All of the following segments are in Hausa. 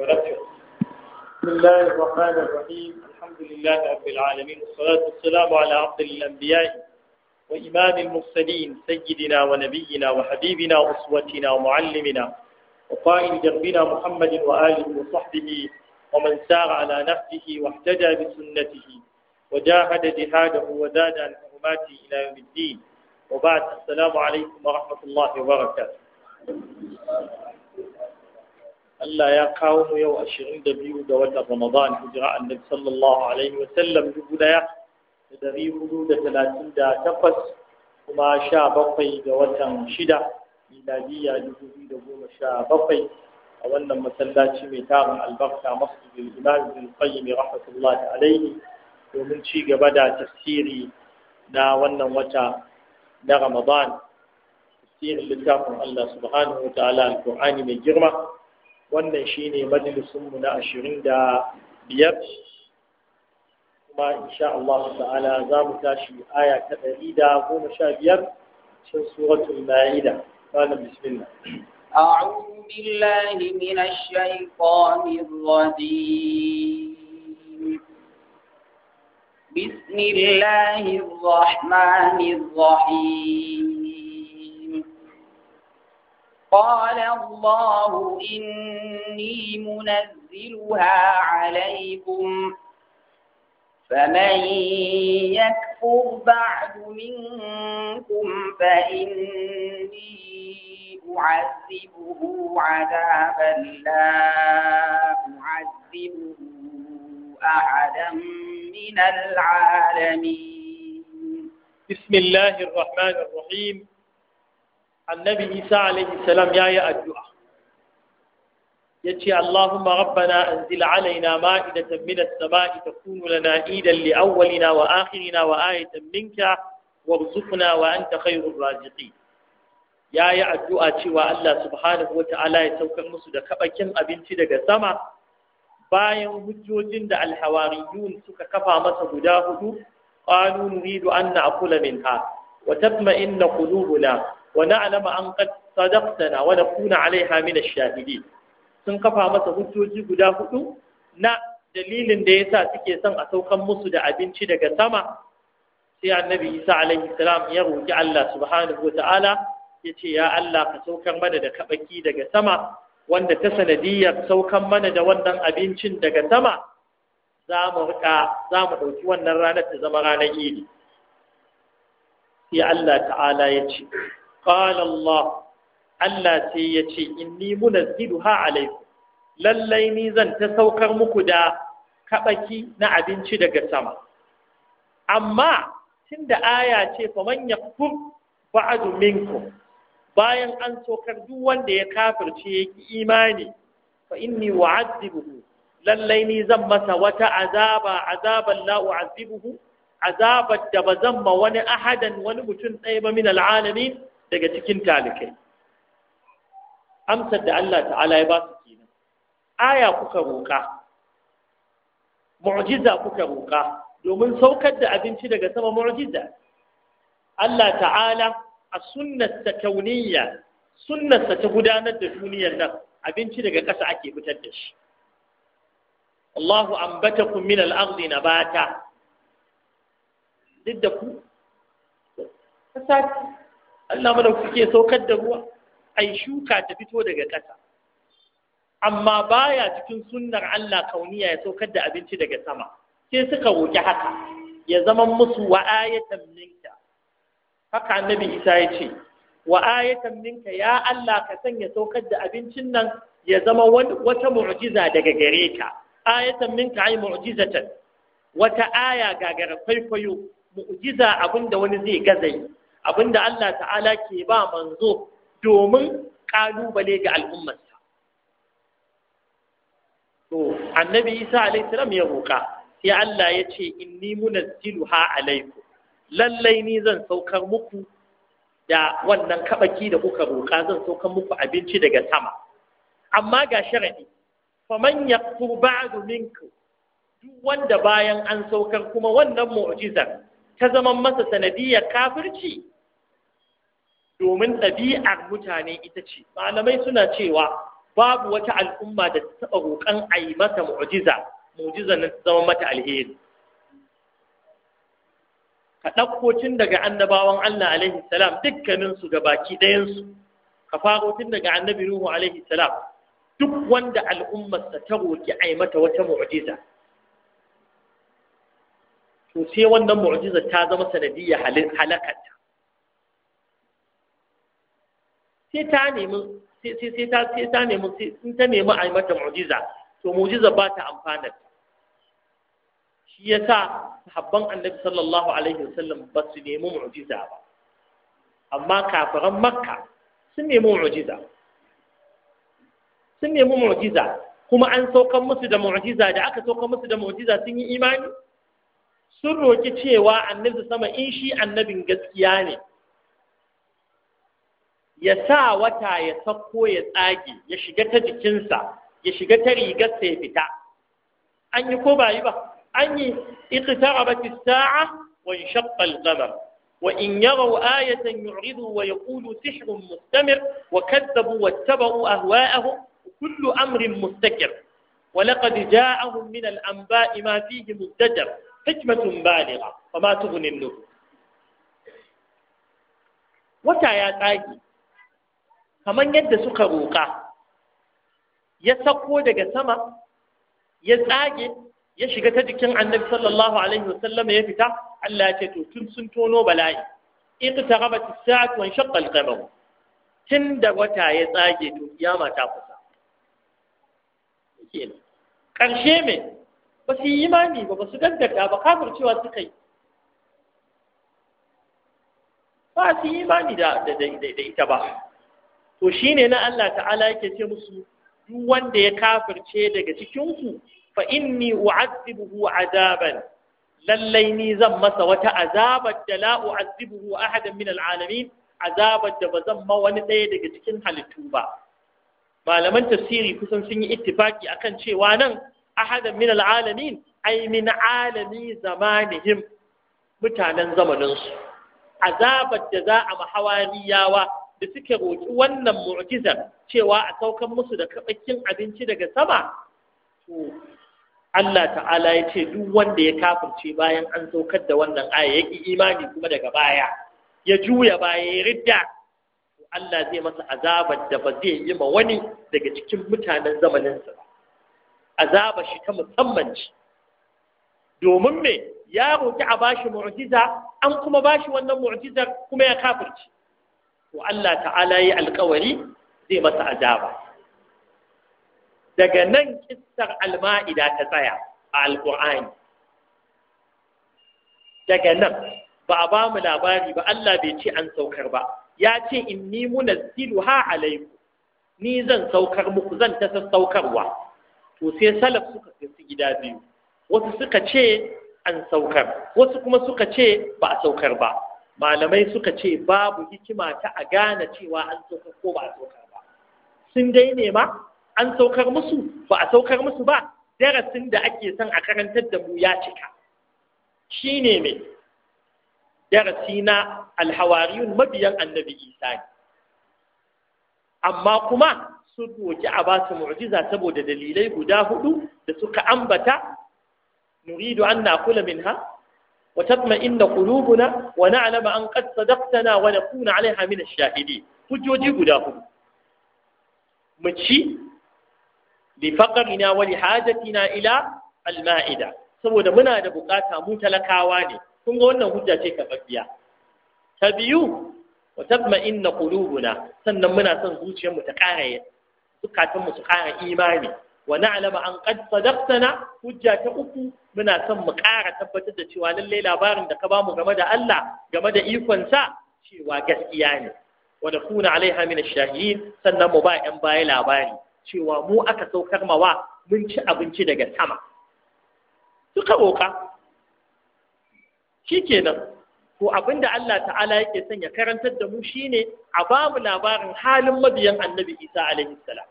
بسم الله الرحمن الرحيم الحمد لله رب العالمين والصلاة والسلام على عبد الأنبياء وإمام المرسلين سيدنا ونبينا وحبيبنا وأسوتنا ومعلمنا وقائد دربنا محمد وآله وصحبه ومن سار على نهجه واهتدى بسنته وجاهد جهاده وزاد عن حرماته إلى يوم الدين وبعد السلام عليكم ورحمة الله وبركاته Allah ya kawo mu yau ashirin da biyu da watan Ramadan hijira annabi sallallahu alaihi wa sallam dubu daya da dari hudu da talatin da takwas kuma sha bakwai da watan shida miladiya dubu biyu da goma sha bakwai a wannan masallaci mai tarin albarka masjidul imam ibn qayyim rahmatullahi alaihi domin ci gaba da tafsiri na wannan wata na Ramadan tafsirin littafin Allah subhanahu wa ta'ala alqur'ani mai girma wannan shine majalisunmu na ashirin da biyar kuma insha Allah ta'ala za mu tashi aya ta ɗari da goma sha biyar cikin suratul ma'ida qala bismillah أعوذ بالله من الشيطان الرجيم بسم الله الرحمن قال الله إني منزلها عليكم فمن يكفر بعد منكم فإني أعذبه عذابا لا أعذبه أحدا من العالمين بسم الله الرحمن الرحيم annabi isa alaihi salam ya yi addu'a ya ce allahumma rabbana anzil alaina ma'idatan min as-sama'i takunu lana idan li awwalina wa akhirina wa ayatan minka warzuqna wa anta khairur ya yi addu'a cewa Allah subhanahu wa ta'ala ya saukar musu da kabakin abinci daga sama bayan hujjojin da alhawariyun suka kafa masa guda hudu ƙwanu nuridu an na akula wa tatma'inna inna qulubuna ونعلم أن قد صدقتنا ونكون عليها من الشاهدين sun kafa masa hujjoji guda hudu na dalilin da yasa suke son a saukan musu da abinci daga sama sai annabi Isa alaihi salam ya roki Allah subhanahu wataala yace ya Allah ka saukar mana da kabaki daga sama wanda ta sanadiyar saukan mana da wannan abincin daga sama za mu rika za mu dauki wannan ranar ta zama ranar Idi sai Allah ta'ala ya ce qala Allah Allah sai ya ce inni ha alaiku. lallai ni zan ta saukar muku da kaɓaki na abinci daga sama amma da aya ce fa man yakfur ba'du minku bayan an saukar duk wanda ya kafirce yake imani fa inni wa'adibuhu lallai ni zan masa wata azaba azaban la u'azibuhu azabar da ba zan ma wani ahadan wani mutum ɗaya ba min al'alamin daga cikin talikai amsar da Allah ta'ala ya ba su kenan aya kuka roƙa mu'jiza kuka roƙa domin saukar da abinci daga sama mu'jiza Allah ta'ala a ta kauniyya sunnar ta gudanar da duniyar nan abinci daga ƙasa ake fitar da shi Allahu ambatakum min al-ardi nabata duk ku Allah mana kuke saukar da ruwa ai shuka ta fito daga ƙasa amma baya cikin sunnar Allah kauniya ya saukar da abinci daga sama sai suka roki haka ya zama musu wa ayatan minka haka annabi Isa ya ce wa ayatan minka ya Allah ka sanya saukar da abincin nan ya zama wata mu'jiza daga gare ka ayatan minka ai mu'jizatan wata aya gagara kwaikwayo mu'jiza abinda wani zai gazayi abinda Allah ta'ala ke ba manzo domin ƙalubale ga al'ummarsa to annabi Isa alaihi salam ya roƙa sai Allah ya ce inni munazziluha alaiku. lallai ni zan saukar muku da wannan kabaki da kuka roƙa zan saukar muku abinci daga sama amma ga sharadi faman yaqtu ba'du minkum duk wanda bayan an saukar kuma wannan mu'jizar ta zama masa sanadiyar kafirci domin ɗabi'ar mutane ita ce malamai suna cewa babu wata al'umma da ta taɓa roƙon a yi mata mu'jiza mu'jiza na ta zama mata alheri ka ɗauko tun daga annabawan Allah alaihi salam dukkaninsu ga baki ɗayansu ka faro tun daga annabi Nuhu alaihi salam duk wanda al'ummarsa ta roƙi a yi mata wata mu'jiza to sai wannan mu'jiza ta zama sanadiyyar halakarta sai ta nemi sai sai ta sai ta nemi sai in ta nemi a yi mata mu'jiza to mu'jiza ba ta amfana shi yasa sahabban annabi sallallahu alaihi wasallam ba su nemi mu'jiza ba amma kafiran makka sun nemi mu'jiza sun nemi mu'jiza kuma an saukan musu da mu'jiza da aka saukan musu da mu'jiza sun yi imani sun roki cewa annabi sama in shi annabin gaskiya ne ya sa wata ya sako ya tsage ya shiga ta jikinsa ya shiga ta rigar sa ya fita an yi ko ba yi ba an yi iqtarabat as-sa'a wa inshaqqa al-qamar wa in yaraw ayatan yu'ridu wa yaqulu sihrun mustamir wa kadzabu wattaba'u ahwa'ahum kullu amrin mustaqir wa mustakir ولقد جاءهم من الأنباء ما فيه مزدجر حكمة بالغة وما تغني النذر wata ya tsage kamar yadda suka roƙa ya sako daga sama ya tsage ya shiga ta jikin annabi sallallahu alaihi wasallam ya fita Allah ya ce to tun sun tono bala'i iqtarabat as-sa'atu wa shaqqa al-qamar tun da wata ya tsage to kiyama ta kusa kenan karshe me ba su yi imani ba ba su gaggata ba cewa suka yi ba su yi imani da ita ba to shine na Allah ta'ala yake ce musu duk wanda ya kafirce daga cikin ku fa inni u'azzibuhu azaban lallai ni zan masa wata azabar da la u'azzibuhu ahadan min al'alamin azabar da ba zan ma wani ɗaya daga cikin halittu ba malaman tafsiri kusan sun yi ittifaki akan cewa nan ahadan min al'alamin ai min alami zamanihim mutanen zamaninsu azabar da za a mahawariyawa da suke roƙi wannan mu'jizar cewa a saukan musu da kaɓakin abinci daga sama to Allah ta'ala ya ce duk wanda ya kafirce bayan an saukar da wannan aya ya imani kuma daga baya ya juya baya ya ridda Allah zai masa azabar da ba zai yi ma wani daga cikin mutanen zamaninsa ba azaba shi ta musamman ci domin me ya roƙi a bashi mu'jiza an kuma bashi wannan mu'jizar kuma ya kafirce to Allah ta'ala yi alkawari zai masa azaba daga nan kissar alma'ida ta tsaya a alƙur'ani daga nan ba a ba mu labari ba Allah bai ce an saukar ba ya ce inni ha alaikum ni zan saukar muku zan ta sassaukarwa to sai salaf suka su gida biyu wasu suka ce an saukar wasu kuma suka ce ba a saukar ba malamai suka ce babu hikima ta a gane cewa an saukar ko ba a saukar ba sun dai nema an saukar musu ba a saukar musu ba darasin da ake son a karantar da mu ya cika shine mai darasi na alhawariyun mabiyan annabi isa ne amma kuma sun roki a ba su mu'jiza saboda dalilai guda hudu da suka ambata nuridu an nakula minha وتطمئن قلوبنا ونعلم أن قد صدقتنا ونكون عليها من الشاهدين hujjoji guda hudu mu ci li faqarina wa li hajatina ila al saboda muna da buƙata mu talakawa ne kun ga wannan hujja ce kafaffiya ta biyu wa tatma'inna qulubuna sannan muna son zuciyar mu ta ƙara zukatan mu su ƙara imani wa na'lamu an qad sadaqtana hujja ta uku muna son mu ƙara tabbatar da cewa lallai labarin da ka bamu game da Allah game da ikon sa cewa gaskiya ne wa nakuna alaiha min ash-shahidin sannan mu ba ƴan baya labari cewa mu aka saukar mawa mun ci abinci daga sama suka roƙa shikenan to abinda Allah ta'ala yake son ya karantar da mu shine a bamu labarin halin mabiyan annabi Isa alaihi salam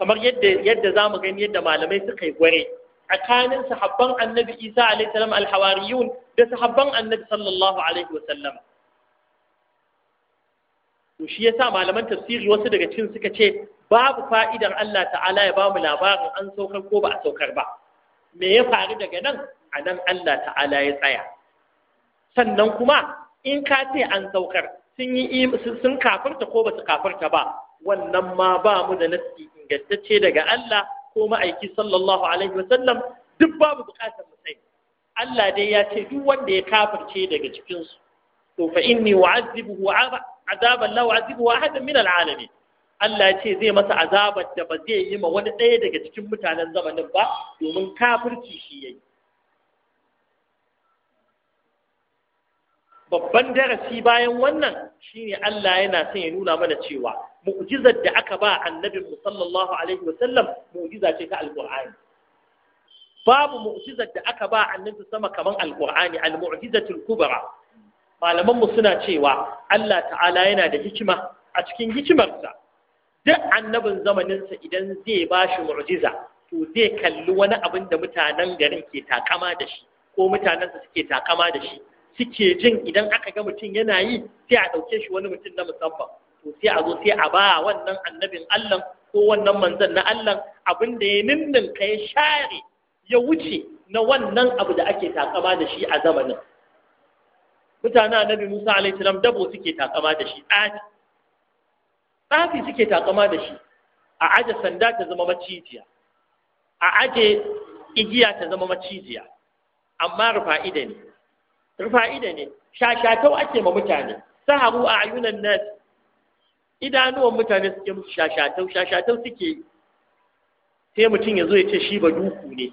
kamar yadda yadda zamu gani yadda malamai suka yi gware tsakanin sahabban annabi Isa alaihi salam al da sahabban annabi sallallahu alaihi wa sallam to shi yasa malaman tafsiri wasu daga cikin suka ce babu fa'idar Allah ta'ala ya bamu labarin an saukar ko ba a saukar ba me ya faru daga nan a nan Allah ta'ala ya tsaya sannan kuma in ka ce an saukar sun yi sun kafarta ko ba su kafarta ba wannan ma ba mu da nasi ingantacce daga Allah ko ma'aiki sallallahu alaihi wasallam duk babu bukatar mu Allah dai ya ce duk wanda ya kafarce daga cikin su to fa inni u'azzibuhu azaban la u'azzibuhu ahadan min al'alamin Allah ya ce zai masa azabar da ba zai yi ma wani ɗaya daga cikin mutanen zamanin ba domin kafirci shi yayi babban darasi bayan wannan shine Allah yana son ya nuna mana cewa mu'jizar da aka ba annabin mu sallallahu alaihi mu'jiza ce ta alqur'ani babu mu'jizar da aka ba annabi sama kaman alqur'ani almu'jizatul kubra malaman mu suna cewa Allah ta'ala yana da hikima a cikin hikimarsa duk annabin zamaninsa idan zai ba shi mu'jiza to zai kalli wani abin da mutanen garin ke takama da shi ko mutanensa suke takama da shi suke jin idan aka ga mutum yana yi sai a ɗauke shi wani mutum na musamman to sai a zo sai a ba wannan annabin Allah ko wannan manzon na Allah abin da ya ninnin ka ya share ya wuce na wannan abu da ake takama da shi a zamanin mutane annabi Musa alaihi salam dabo suke takama da shi tsafi tsafi suke takama da shi a aje sanda ta zama macijiya a aje igiya ta zama macijiya amma rufa'ida ne rufa'ida ne shashatau ake ma mutane sahabu a ayunan nasi idanuwan mutane suke musu shashatau shashatau suke sai mutum ya zo ya ce shi ba duku ne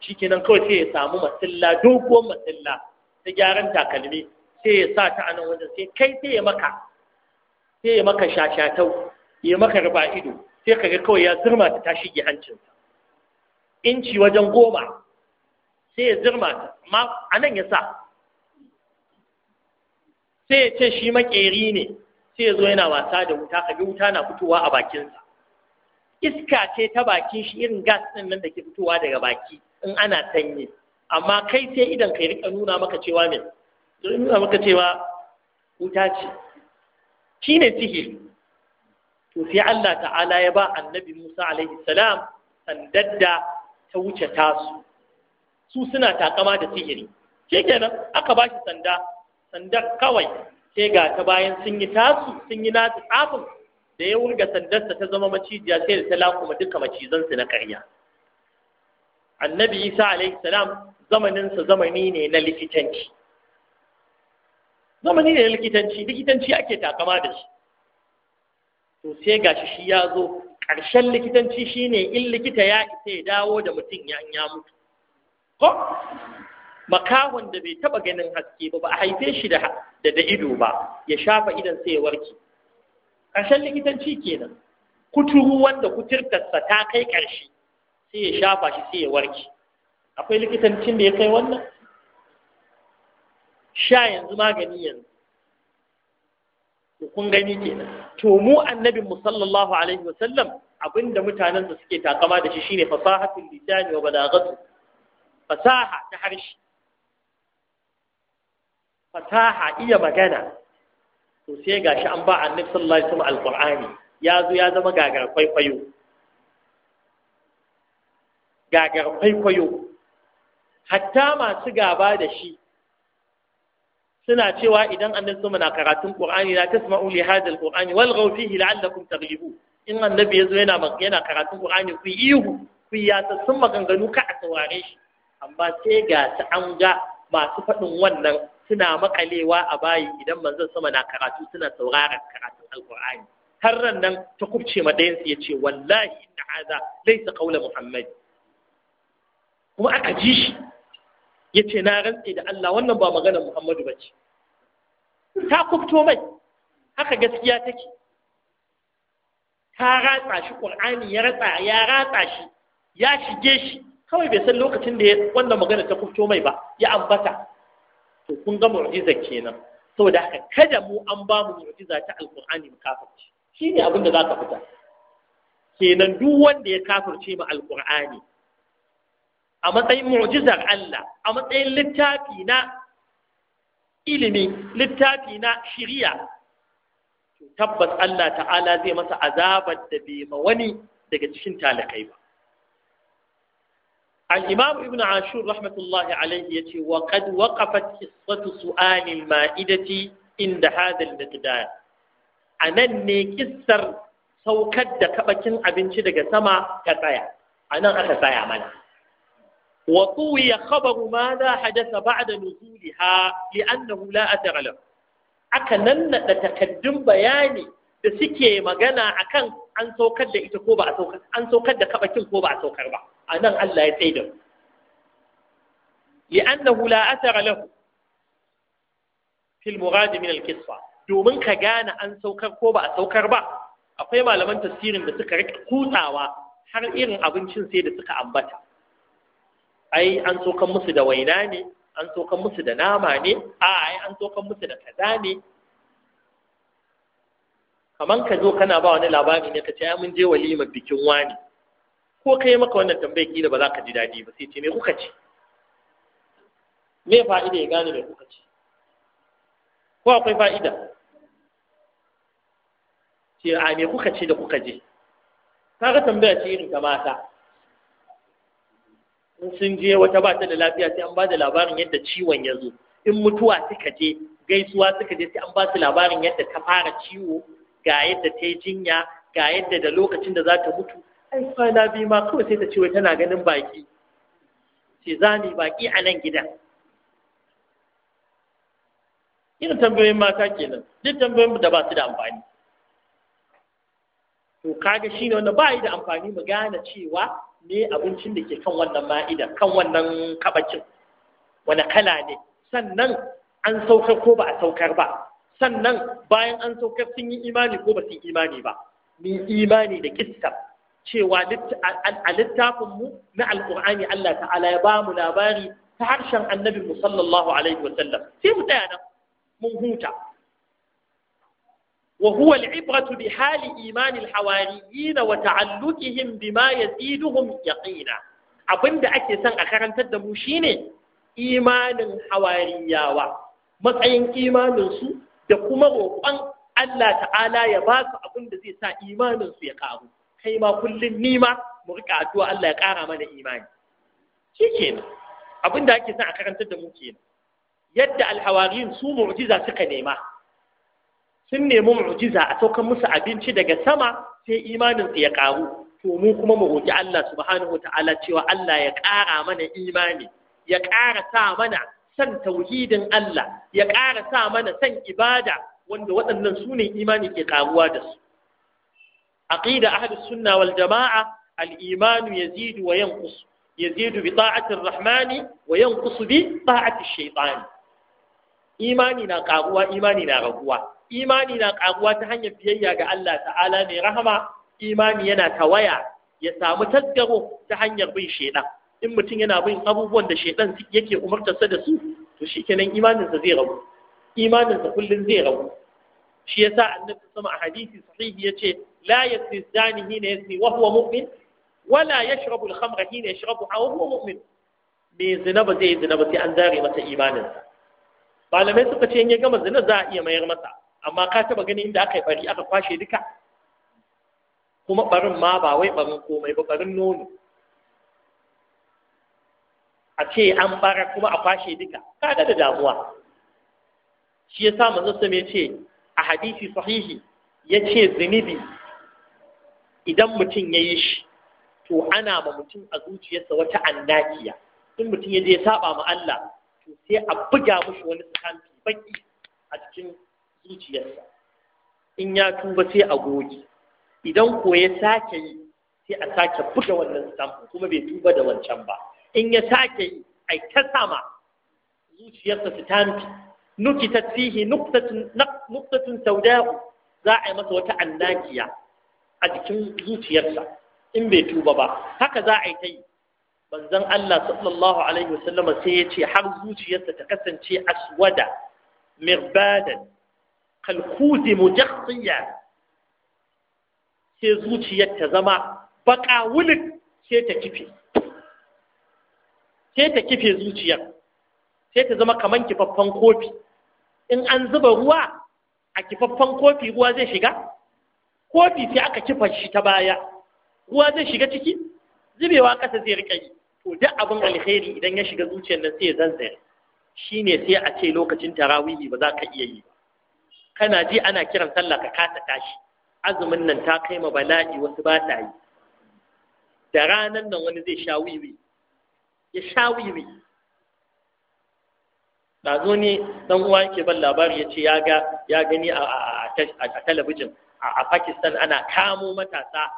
shi kenan kawai sai ya samu matsilla doguwar matsilla ta gyaran takalmi sai ya sa ta anan wajen sai kai sai ya maka sai ya maka shashatau ya maka rufa ido sai ka ga kawai ya zirma ta tashi ge hancinsa inci wajen goma sai ya zirma ta ma anan ya sa sai ya ce shi makeri ne sai ya zo yana wasa da wuta kaga wuta na fitowa a bakinsa iska ce ta bakin shi irin gas din nan da ke fitowa daga baki in ana sanyi amma kai sai idan kai rika nuna maka cewa me nuna maka cewa wuta ce shine sihiri to sai Allah ta'ala ya ba annabi Musa alaihi salam sandadda ta wuce tasu su suna takama da sihiri shikenan aka ba shi sanda sanda kawai sai ga ta bayan sun yi tasu sun yi nasu tsafin da ya wurga sandarsa ta zama macijiya sai da ta lakuma duka macizansu na karya annabi isa alaihi salam zamaninsa zamani ne na likitanci zamani ne na likitanci likitanci ake takama da shi to sai shi ya zo ƙarshen likitanci shine in likita ya isa ya dawo da mutum ya mutu ko makahon da bai taba ganin haske ba ba a haife shi da da ido ba ya shafa idan sai ya warke ƙarshen likitanci kenan kuturu wanda kuturtarsa ta kai ƙarshe sai ya shafa shi sai ya warke akwai likitancin da ya kai wannan sha yanzu magani yanzu kun gani kenan to mu annabinmu sallallahu alaihi wasallam abinda mutanen da suke takama da shi shine fasahatul lisani wa balaghatu fasaha ta harshe fasaha iya magana to sai gashi an ba annabi sallallahu alaihi wasallam alqur'ani ya zo ya zama gagar kwaikwayo gagar kwaikwayo hatta masu gaba da shi suna cewa idan annabi sama na karatun qur'ani la tasma'u li hadha alqur'ani walghaw fihi la'allakum taghlibu in annabi yazo yana yana karatun qur'ani ku ihu ku ya sun maganganu ka a saurare shi amma sai ga ta an ga masu faɗin wannan suna makalewa a bayi idan manzon sama na karatu suna sauraron karatun alqur'ani har ran nan ta kubce ma ɗayan ya ce wallahi inna hadha laysa qawla muhammad kuma aka ji shi yace na rantse da Allah wannan ba maganar Muhammadu bace ta kubto mai haka gaskiya take ta ratsa shi qur'ani ya ratsa ya ratsa shi ya shige shi kawai bai san lokacin da wannan magana ta kubto mai ba ya ambata to kun ga mu'jiza kenan saboda haka kada mu an ba mu mu'jiza ta alqur'ani mu kafirce shine abin da zaka fita kenan duk wanda ya kafirce mu alqur'ani a matsayin mu'jizar Allah a matsayin littafi na ilimi littafi na shiriya tabbas Allah ta'ala zai masa azabar da bai ma wani daga cikin talakai ba الإمام ابن عاشور رحمة الله عليه يتي وقد وقفت قصة سؤال المائدة عند A nan ne نكسر saukar da kabakin abinci daga sama ta tsaya a nan aka tsaya mana wa ya khabaru ma za hadasa ba'da nuzuliha li'annahu la athara lahu aka nannada takaddun bayani da suke magana akan an saukar da ita ko ba a saukar an saukar da kabakin ko ba a saukar ba a nan Allah ya tsaye da mu li'annahu la a lahu fil murad min Minal qisfa domin ka gane an saukar ko ba a saukar ba akwai malaman tafsirin da suka rika kutsawa har irin abincin sai da suka ambata ai an saukan musu da waina ne an saukan musu da nama ne a ai an saukan musu da kaza ne Kamar ka zo kana ba wani labari ne ka ce ai mun je walimar bikin wani ko kai maka wannan tambayar kila ba za ka ji daɗi ba sai ce me kuka ce me fa'ida ya gane me kuka ce ko akwai fa'ida ce a me kuka ce da kuka je ga tambaya ce irin ta mata in sun je wata ba ta da lafiya sai an ba da labarin yadda ciwon ya zo in mutuwa suka je gaisuwa suka je sai an ba su labarin yadda ta fara ciwo ga yadda ta yi jinya ga yadda da lokacin da za ta mutu ai kwana biyu ma kawai sai ta ce wai tana ganin baki ce za ni baki a nan gidan irin tambayoyin mata kenan duk tambayoyin da ba su da amfani to kaga ne wanda ba yi da amfani mu gane cewa me abincin da ke kan wannan ma'ida kan wannan kabacin wani kala ne sannan an saukar ko ba a saukar ba sannan bayan an saukar sun yi imani ko ba su yi imani ba ni imani da kistar cewa a littafinmu na alƙur'ani Allah ta'ala ya ba mu labari ta harshen annabi mu sallallahu alaihi wa sallam sai mu tsaya nan mun huta wa huwa al-ibratu bi hali imani al-hawariyina wa ta'alluqihim bima yaziduhum yaqina abinda ake son a karantar da mu shine imanin hawariyawa matsayin imanin su da kuma roƙon Allah ta'ala ya ba su abin da zai sa imanin su ya karu kai ma kullum ni ma mu rika addu'a Allah ya ƙara mana imani shikenan abin da ake son a karantar da mu kenan yadda alhawariyin su mu'jiza suka nema sun nemi mu'jiza a saukan musu abinci daga sama sai imanin su ya ƙaru to mu kuma mu roƙi Allah subhanahu ta'ala cewa Allah ya ƙara mana imani ya ƙara sa mana san tauhidin Allah ya ƙara sa mana san ibada wanda waɗannan su ne imani ke ƙaruwa da su aqida ahlus sunna wal jama'a al iman yazidu wa yanqus yazidu bi ta'ati ar wa yanqus bi ta'ati ash-shaytan imani na ƙaruwa, imani na raguwa imani na karuwa ta hanyar biyayya ga Allah ta'ala mai rahama imani yana tawaya ya samu tasgaro ta hanyar bin shaidan in mutum yana bin abubuwan da shaidan yake umartarsa da su to shikenan imaninsa zai rabu imaninsa kullum zai rabu shi yasa annabi sama a hadisi sahihi yace لا يسري الزاني حين يسري وهو مؤمن ولا يشرب الخمر حين يشربها وهو مؤمن bai zina ba zai zina ba sai an zare masa imaninsa malamai suka ce in ya gama zina za a iya mayar masa amma ka taba ganin inda aka yi bari aka kwashe duka kuma barin ma ba wai barin komai ba barin nono a ce an bara kuma a kwashe duka kaga da damuwa shi ya sa manzo ya ce a hadisi sahihi ya ce zunubi idan mutum ya yi shi to ana ma mutum a zuciyarsa wata annakiya in mutum ya je ya saba ma Allah to sai a buga mushi wani tsanti baki a cikin zuciyarsa in ya tuba sai a goge idan ko ya sake yi sai a sake buga wannan tsanti kuma bai tuba da wancan ba in ya sake yi ai ta sama zuciyarsa ta tanti nukitat fihi nuqtatun nuqtatun sawda'u za a yi masa wata annakiya a jikin zuciyarsa in bai tuba ba haka za a yi ta yi manzon Allah sallallahu alaihi wasallama sai ya ce har zuciyarsa ta kasance aswada mirbadan kalkuzi mujakhsiya sai zuciyar ta zama baka wulin sai ta kife sai ta kife zuciyar sai ta zama kaman kifaffan kofi in an zuba ruwa a kifaffan kofi ruwa zai shiga kofi sai aka kifa shi ta baya ruwa zai shiga ciki zubewa kasa zai rika yi to duk abin alheri idan ya shiga zuciyar nan sai ya zanzare shine sai a ce lokacin tarawihi ba za ka iya yi kana ji ana kiran sallah ka kasa tashi azumin nan ta kai ma bala'i wasu ba ta yi da ranan nan wani zai sha wiwi ya sha wiwi ɗazo ne ɗan uwa yake ban labari ya ce ya gani a talabijin a Pakistan ana kamo matasa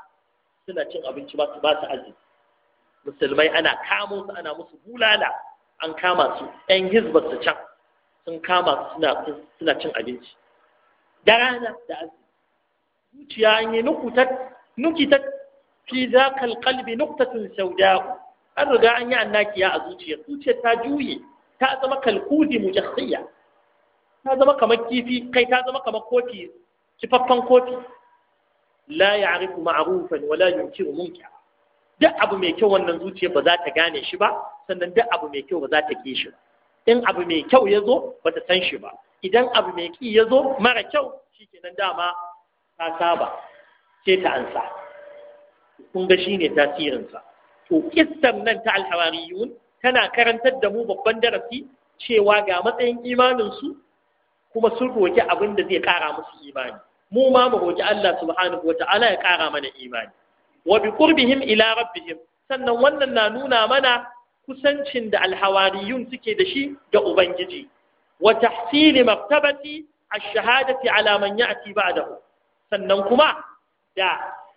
suna cin abinci ba su ba su aji. musulmai ana kamo su ana musu bulala an kama su ɗan hizbar su can sun kama su suna cin abinci da rana da aji zuciya an yi nukitat fi zakal qalbi nuqtatun sawda'u an riga an yi annakiya a zuciya. zuciyar ta juye ta zama kalkudi mujassiya ta zama kamar kifi kai ta zama kamar kofi kifaffen kofi la ya'rifu ma'arufan wala yunkiru munkar duk abu mai kyau wannan zuciya ba za ta gane shi ba sannan duk abu mai kyau ba za ta ki shi ba in abu mai kyau ya zo ba ta san shi ba idan abu mai ki ya zo mara kyau shi kenan dama ta saba ce ta ansa kun ga shi ne tasirinsa to kistan nan ta alhawariyun tana karantar da mu babban darasi cewa ga matsayin imaninsu kuma sun roki abin da zai ƙara musu imani mu ma mu roƙi Allah subhanahu ta'ala ya ƙara mana imani wa bi qurbihim ila rabbihim sannan wannan na nuna mana kusancin da alhawariyun suke da shi ga ubangiji wa tahsili martabati ash-shahadati ala man ya'ti ba'dahu sannan kuma da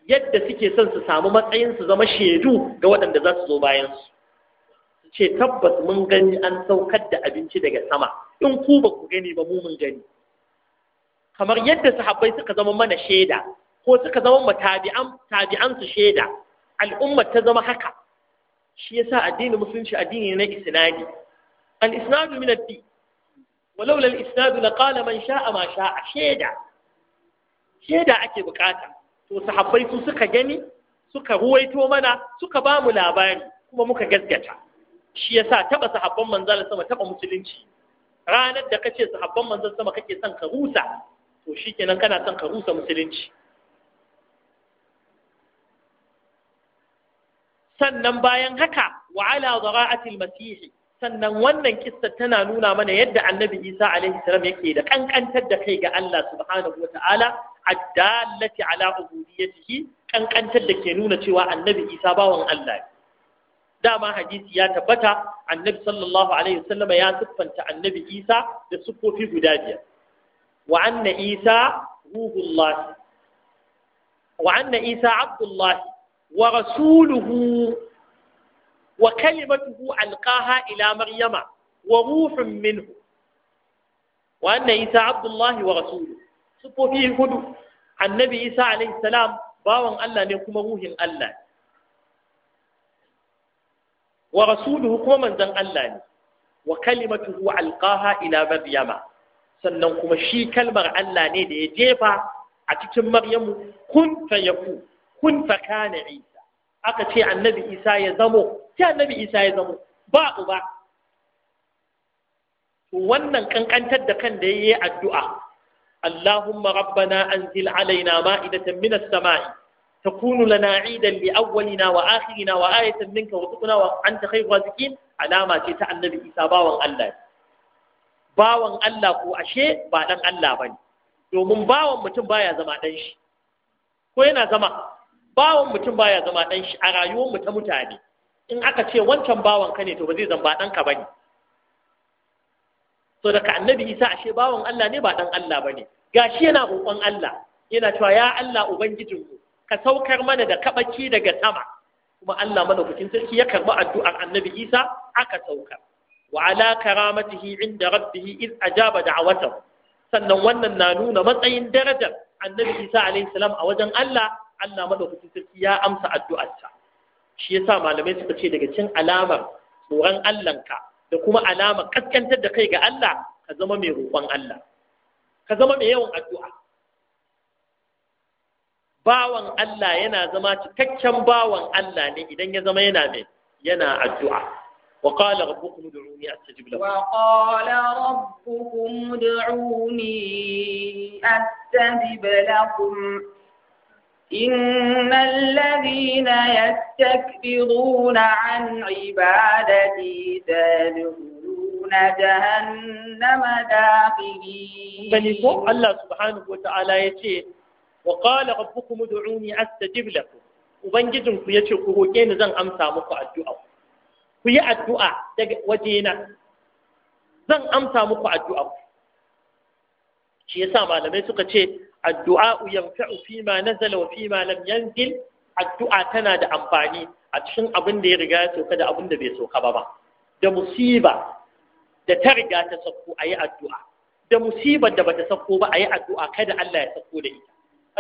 yadda suke son su samu matsayin su zama shaidu ga waɗanda za su zo bayan su ce tabbas mun gani an saukar da abinci daga sama in ku ba ku gani ba mu mun gani kamar yadda sahabbai suka zama mana shaida ko suka zama ma tabi'an tabi'an su shaida al'umma ta zama haka shi yasa addinin musulunci addini na isnadi al isnadu min ad walau lal isnadu laqala man sha'a ma sha'a shaida shaida ake bukata to sahabbai su suka gani suka ruwaito mana suka ba mu labari kuma muka gaskata shi yasa taba sahabban manzon sama taba musulunci ranar da kace sahabban manzon sama kake son ka rusa to shi kenan kana son ka rusa musulunci sannan bayan haka wa ala zara'atil masihi sannan wannan kissa tana nuna mana yadda annabi isa alaihi salam yake da kankantar da kai ga Allah subhanahu wa ta'ala addallati ala ubudiyyatihi kankantar da ke nuna cewa annabi isa bawan Allah dama hadisi ya tabbata annabi sallallahu alaihi wasallam ya siffanta annabi isa da sufofi guda biyar wa anna isa ruhullah wa anna isa abdullah wa rasuluhu wa kalimatuhu alqaha ila maryama wa ruhun minhu wa anna isa abdullah wa rasuluhu sufofi hudu annabi isa alaihi salam bawan Allah ne kuma ruhin Allah wa rasuluhu kuma manzon Allah ne wa kalimatuhu alqaha ila maryama sannan kuma shi kalmar Allah ne da ya jefa a cikin Maryamu kun fa yaku kun fa kana Isa aka ce annabi Isa ya zamo sai annabi Isa ya zamo ba uba wannan kankantar da kan da yayi addu'a اللهم ربنا أنزل علينا مائدة من السماء تكون لنا عيدا لأولنا وآخرنا وآية منك وارزقنا وأنت خير الرازقين علامة تاع النبي إسابا الله bawan Allah ko ashe ba dan Allah bane domin bawan mutum baya zama dan shi ko yana zama bawan mutum baya zama dan shi a rayuwar mu ta mutane in aka ce wancan bawan ka ne to ba zai zama dan ka bane so daga annabi Isa ashe bawan Allah ne ba dan Allah bane gashi yana roƙon Allah yana cewa ya Allah ubangijinku ka saukar mana da kabaki daga sama kuma Allah madaukakin sarki ya karɓi addu'ar annabi Isa aka saukar wa ala karamatihi inda rabbihi iz ajaba da'awatahu sannan wannan na nuna matsayin darajar annabi Isa alaihi salam a wajen Allah Allah madaukakin sarki ya amsa addu'arsa shi yasa malamai suka ce daga cin alamar tsoron ka da kuma alamar kaskantar da kai ga Allah ka zama mai roƙon Allah ka zama mai yawan addu'a bawan Allah yana zama cikakken bawan Allah ne idan ya zama yana yana addu'a وقال ربكم ادعوني أستجب لكم وقال ربكم ادعوني أستجب لكم إن الذين يستكبرون عن عبادتي سيدخلون جهنم داخلين فلذلك الله سبحانه وتعالى يتي وقال ربكم ادعوني أستجب لكم وبنجدكم يتي قروكين زن أمسى مقعد دعوكم ku yi addu'a daga wajena zan amsa muku addu'a ku. shi yasa malamai suka ce addu'a yanfa'u fi ma na wa fi ma lam yankin addu'a tana da amfani a cikin abin da ya riga ya soka da abin da bai soka ba ba da musiba da ta riga ta sauko a yi addu'a da musibar da bata sauko ba a yi addu'a kada Allah ya sauko da ita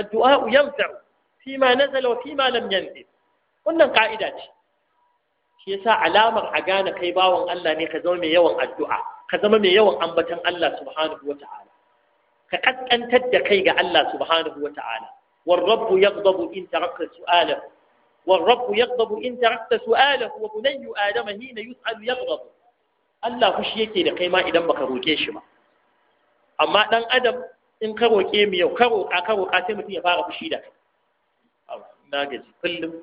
addu'a yanfa'u fi ma na wa fi ma lam yankin. wannan ka'ida ce shi yasa alamar a gane kai bawan Allah ne ka zama mai yawan addu'a ka zama mai yawan ambatan Allah subhanahu wata'ala ka kaskantar da kai ga Allah subhanahu wata'ala war rabbu yaghdabu in tarakta su'alahu war rabbu yaghdabu in tarakta su'alahu wa bunayyu adama hina yus'alu yaghdabu Allah fushi yake da kai ma idan baka roke shi ba amma dan adam in ka roƙe mu yau ka roƙa ka roƙa sai mutum ya fara fushi da kai na gaji kullum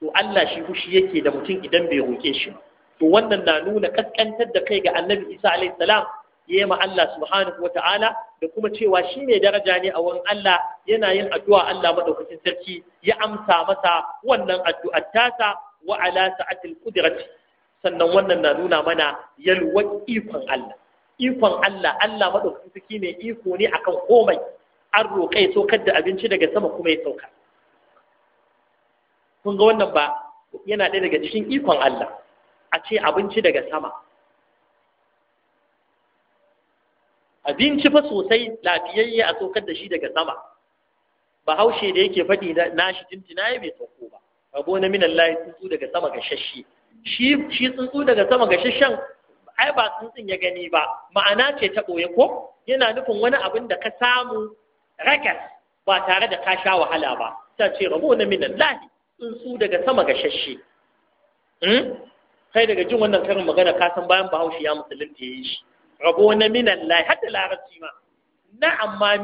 to Allah shi fushi yake da mutum idan bai roƙe shi ba to wannan na nuna kaskantar da kai ga annabi Isa alaihi salam yema Allah subhanahu wata'ala da kuma cewa shi ne daraja ne a wurin Allah yana yin addu'a Allah madaukakin sarki ya amsa masa wannan addu'ar tasa wa ala sa'atil qudrati sannan wannan na nuna mana yalwa ikon Allah ikon Allah Allah madaukakin sarki ne iko ne akan komai an roƙai saukar da abinci daga sama kuma ya sauka kun ga wannan ba yana ɗaya daga cikin ikon Allah a ce abinci daga sama abinci fa sosai lafiyayye a saukar da shi daga sama bahaushe da yake faɗi na shi tintina ya bai sauko ba rabo na minan layi tsuntsu daga sama ga shashi shi tsuntsu daga sama ga shashen ai ba tsuntsun ya gani ba ma'ana ce ta ɓoye ko yana nufin wani abin da ka samu ragas ba tare da ka sha wahala ba ta ce rabo na minan layi tsuntsu daga sama ga shashe hmm? kai daga jin wannan karin magana ka san bayan bahaushe ya musulunta ya yi shi rabo na minan Allah. har da larabci ma na amma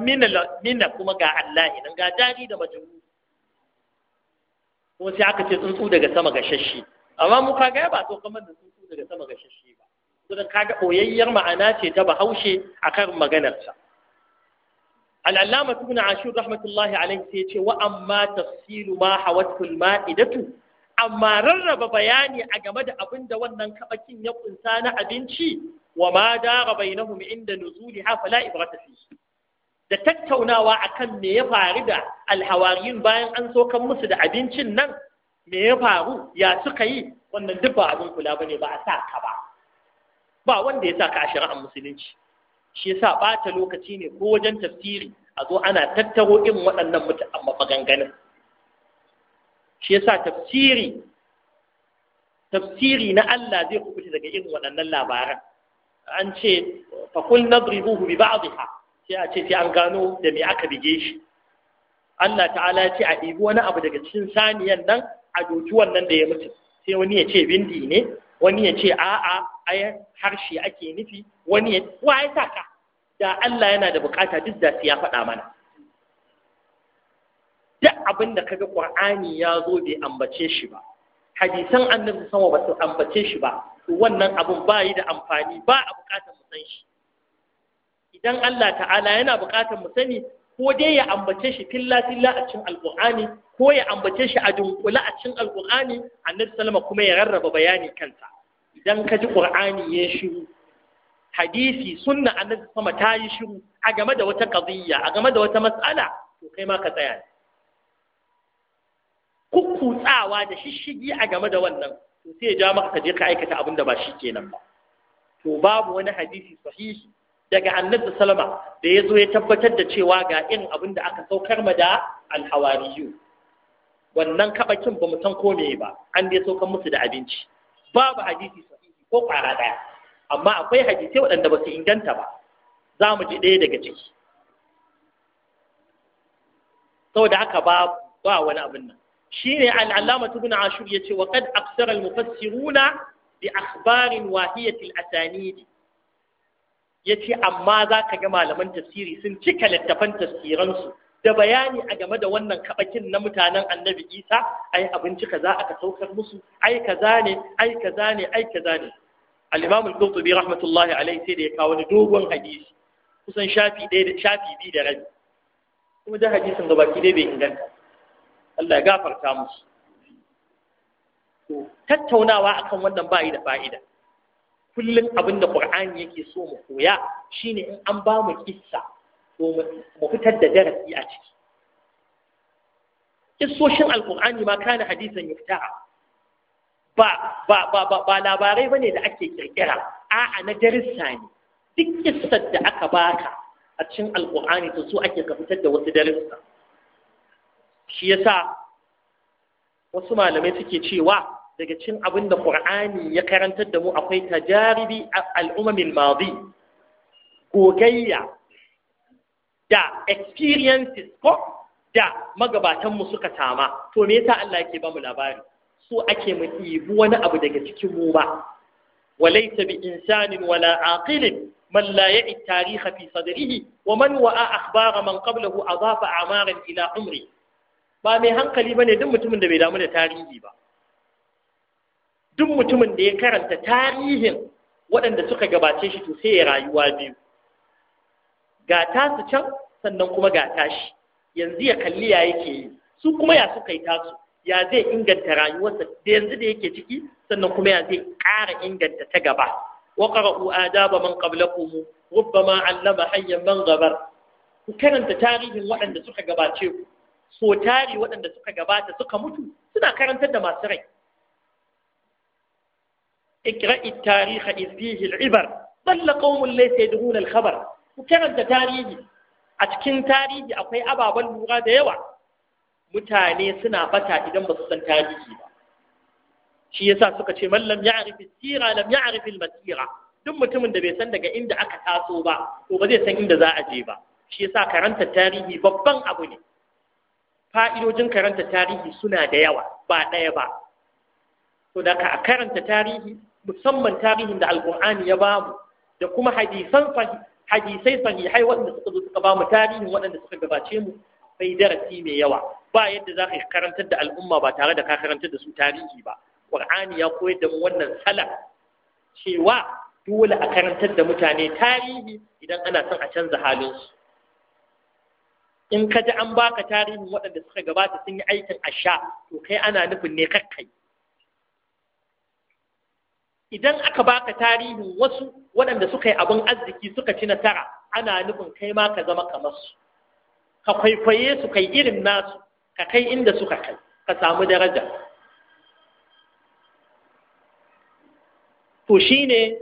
mina kuma ga allahi nan ga jari da majalu kuma sai aka ce tsuntsu daga sama ga shashe amma mu kaga ya ba so kamar da tsuntsu daga sama ga shashe ba saboda kaga boyayyar ma'ana ce ta bahaushe a karin maganarsa al'allama tuna ashir rahmatullahi alaihi sai ce wa amma tafsilu ma hawatul ma'idatu amma rarraba bayani a game da abin da wannan kabakin ya ƙunsa na abinci wa ma dara bainahum inda nuzuli ha fala ibrata fi da tattaunawa akan me ya faru da alhawariyin bayan an so sokan musu da abincin nan me ya faru ya suka yi wannan duk ba abin kula bane ba a sa ka ba wanda ya sa ka a shari'ar musulunci shi yasa ɓata lokaci ne ko wajen tafsiri a zo ana tattaro irin waɗannan mutum maganganun shi yasa tafsiri tafsiri na Allah zai kubuta daga irin waɗannan labaran an ce fakul nadribuhu bi ba'dha sai a ce sai an gano da me aka bige shi Allah ta'ala ya ce a ɗibi wani abu daga cikin saniyan nan a doki wannan da ya mutu sai wani ya ce bindi ne wani ya ce a'a harshe ake nufi wani ya wa ya saka da Allah yana da bukata duk da ya faɗa mana duk abin da kaga Qur'ani ya zo bai ambace shi ba hadisan annabi sama ba su ambace shi ba wannan abun ba yi da amfani ba a bukatar mu san shi idan Allah ta'ala yana bukatar mu sani ko dai ya ambace shi filla filla a cikin alqur'ani ko ya ambace shi a dunkula a cikin alqur'ani annabi sallama kuma ya rarraba bayani kansa idan ka ji qur'ani ya shiru hadisi sunna annabi sama ta yi shiru a game da wata qadiyya a game da wata mas'ala to kai ma ka tsaya kukkutsawa da shishigi a game da wannan to sai ya ja maka ka je ka aikata abin da ba shi kenan ba to babu wani hadisi sahihi daga annabi sallama da ya zo ya tabbatar da cewa ga irin abin da aka saukar ma da alhawariyu wannan kabakin ba mu san ko ba an dai saukar musu da abinci babu hadisi ko ƙwara ɗaya amma akwai hadisai waɗanda ba su inganta ba za mu ji ɗaya daga ciki saboda haka ba ba wani abin nan shine al-allama ibn ashur yace wa qad aksara al-mufassiruna bi akhbarin wahiyatil asanidi ya ce amma za ka ga malaman tafsiri sun cika littafan tafsiransu da bayani a game da wannan kabakin na mutanen annabi isa ai abinci za aka saukar musu ai kaza ne ai kaza ne ai kaza ne al-imam rahmatullahi alaihi sai da ya kawo wani dogon hadisi kusan shafi ɗaya da shafi biyu da rabi kuma da hadisin ga baki dai bai inganta Allah ya gafarta musu to tattaunawa akan wannan ba'i da fa'ida kullum abin da Qur'ani yake so mu koya shine in an ba mu kissa to mu fitar da darasi a ciki kissoshin alqur'ani ma kana hadisan yuftaha ba ba ba ba, da ake kirkira a'a na darussa ne duk kissar da aka baka a cikin alqur'ani to so ake kafitar fitar da wasu darissa shi yasa wasu malamai suke cewa daga cin abin da qur'ani ya karantar da mu akwai tajaribi al'ummil madi gogayya da experiences ko da magabatanmu suka tama to me yasa Allah yake ba mu labari so ake mu ɗibi wani abu daga cikin mu ba walaita bi insanin wala aqilin man la ya'i fi sadrihi wa man wa'a akhbara man qablahu adafa amaran ila umri ba mai hankali bane duk mutumin da bai damu da tarihi ba duk mutumin da ya karanta tarihin waɗanda suka gabace shi to sai ya rayuwa biyu ga tasu can sannan kuma ga tashi yanzu ya kalli ya yake yi su kuma ya suka yi tasu ya zai inganta rayuwarsa da yanzu da yake ciki sannan kuma ya zai ƙara inganta ta gaba wa qara'u adaba man qablakum rubbama 'allama hayyan man gabar ku karanta tarihin waɗanda suka gabace ku so tari waɗanda suka gabata suka mutu suna karantar da masu rai اقرأ التاريخ إذ فيه العبر ضل قوم ليس يدرون الخبر ku karanta tarihi a cikin tarihi akwai ababen lura da yawa mutane suna bata idan ba su san tarihi ba shi yasa suka ce mallam lam ya'rif sira lam masira duk mutumin da bai san daga inda aka taso ba ko ba zai san inda za a je ba shi yasa karanta tarihi babban abu ne fa'idojin karanta tarihi suna da yawa ba ɗaya ba to da ka karanta tarihi musamman tarihin da alƙur'ani ya bamu da kuma hadisan hadisai sahihai waɗanda suka zo suka bamu tarihin waɗanda suka gabace mu akwai darasi mai yawa ba yadda za ka karantar da al'umma ba tare da ka karantar da su tarihi ba ƙur'ani ya koyar da mu wannan salar cewa dole a karantar da mutane tarihi idan ana son a canza halin su. in ka ji an baka tarihin waɗanda suka gabata sun yi aikin asha to kai ana nufin ne kakkai idan aka baka tarihin wasu waɗanda suka yi abin arziki suka ci nasara ana nufin kai ma ka zama kamar su ka kwaikwaye su kai irin nasu ka kai inda suka kai ka samu daraja to shine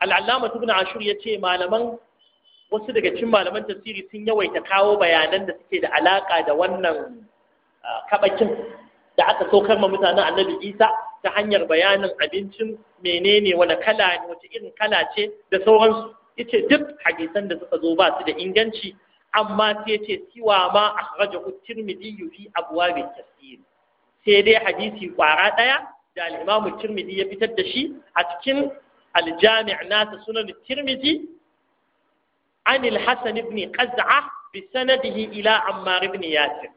al'allama ibn ashur ya ce malaman wasu daga cin malaman tasiri sun yawaita kawo bayanan da suke da alaka da wannan ah, kabakin da aka saukar ma mutanen annabi isa ta hanyar bayanin abincin menene wani kala ne wace irin kala ce da sauransu ita duk hadisan da suka zo ba su da inganci amma sai ce siwa ma akhrajahu tirmidhi fi abwab mai tafsir sai dai hadisi kwara ɗaya da al tirmidhi ya fitar da shi a cikin aljami'a nasa sunan tirmidhi an al-hasan ibn qaz'a bi sanadihi ila ammar ibn yasir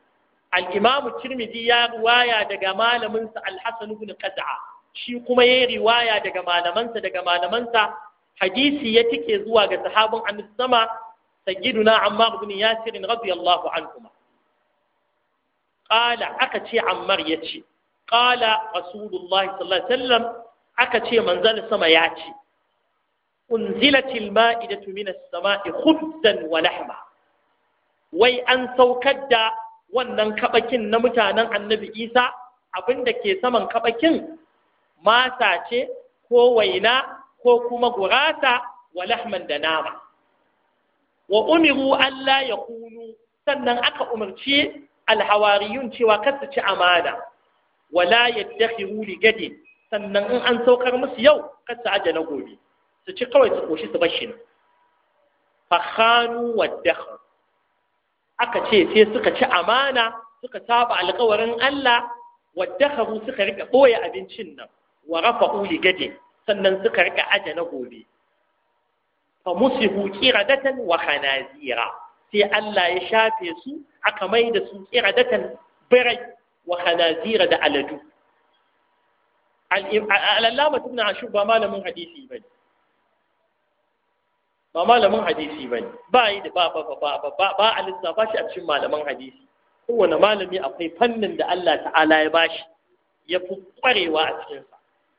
al-imam tirmidhi ya riwaya daga malamin sa al-hasan ibn qaz'a shi kuma ya riwaya daga malamansa daga malamansa hadisi ya tike zuwa ga sahabin annabi sama sayyiduna ammar bin yasir radiyallahu anhuma qala aka ce ammar yace qala rasulullahi sallallahu alaihi wasallam aka ce manzal sama ya ce unzilatil ma'idatu minas sama'i khubzan wa lahma wai an saukar da wannan kaɓakin na mutanen annabi isa abinda ke saman kaɓakin? masa ce ko waina ko kuma gurasa wa lahman da nama wa umiru Allah ya kunu sannan aka umarci alhawariyun cewa kar ci amana wala yaddakhiru li gade sannan in an saukar musu yau kasu aje na gobe su ci kawai su koshi su bashi na fakhanu waddakhu aka ce sai suka ci amana suka saba alkawarin Allah waddakhu suka rika boye abincin nan wa rafa li gade sannan suka rika aje na gobe fa musihu qiradatan wa khanazira sai Allah ya shafe su aka mai da su qiradatan birai wa khanazira da aladu al-allama ibn ashur ba malamin hadisi bane ba malamin hadisi bane ba yi da ba ba ba ba ba a lissafa shi a cikin malaman hadisi kowane malami akwai fannin da Allah ta'ala ya bashi ya fi kwarewa a cikinsa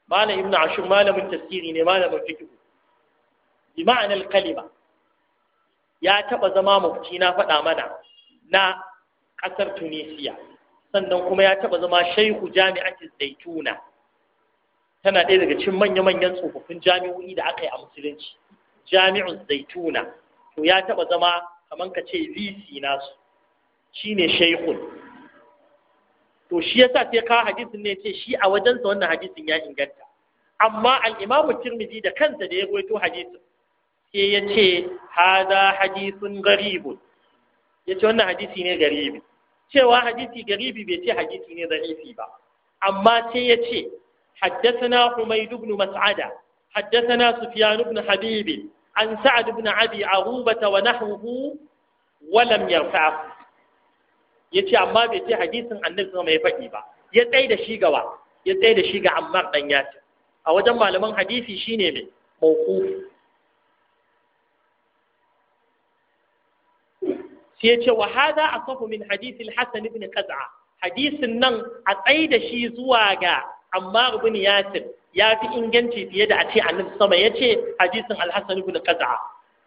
malam ibn ashur malamin tafsiri ne malamin fiqh bi ma'anar kalima ya taba zama mafuci na faɗa mana na ƙasar tunisiya sannan kuma ya taba zama shaihu jami'ar zaituna tana ɗaya daga cikin manya-manyan tsofaffin jami'o'i da aka yi a musulunci jami'ar zaituna to ya taɓa zama kamar ka ce vc nasu ne shaihun to shi yasa sai ka hadisin ne ce shi a wajensa wannan hadisin ya inganta amma al'imamu da kansa da ya rawaito hadisin ke ya ce hada hadisun garibu ya ce wannan hadisi ne garibi cewa hadisi garibi bai ce hadisi ne zarifi ba amma ce ya ce haddasa na بن bin حدثنا an بن حبيب عن سعد بن أبي عروبة ونحوه ولم ya yace amma bai ce hadisin annabi sama mai faɗi ba ya tsaye da shi gawa ya tsaye da shi ga amma dan ce a wajen malaman hadisi shine mai mauqufi Yace ya ce wa hada asahu min hadith hasan ibn qaz'a hadisin nan a tsayi da shi zuwa ga ammar ibn yasir ya fi inganci fiye da a ce annabi sama ya ce hadisin al ibn qaz'a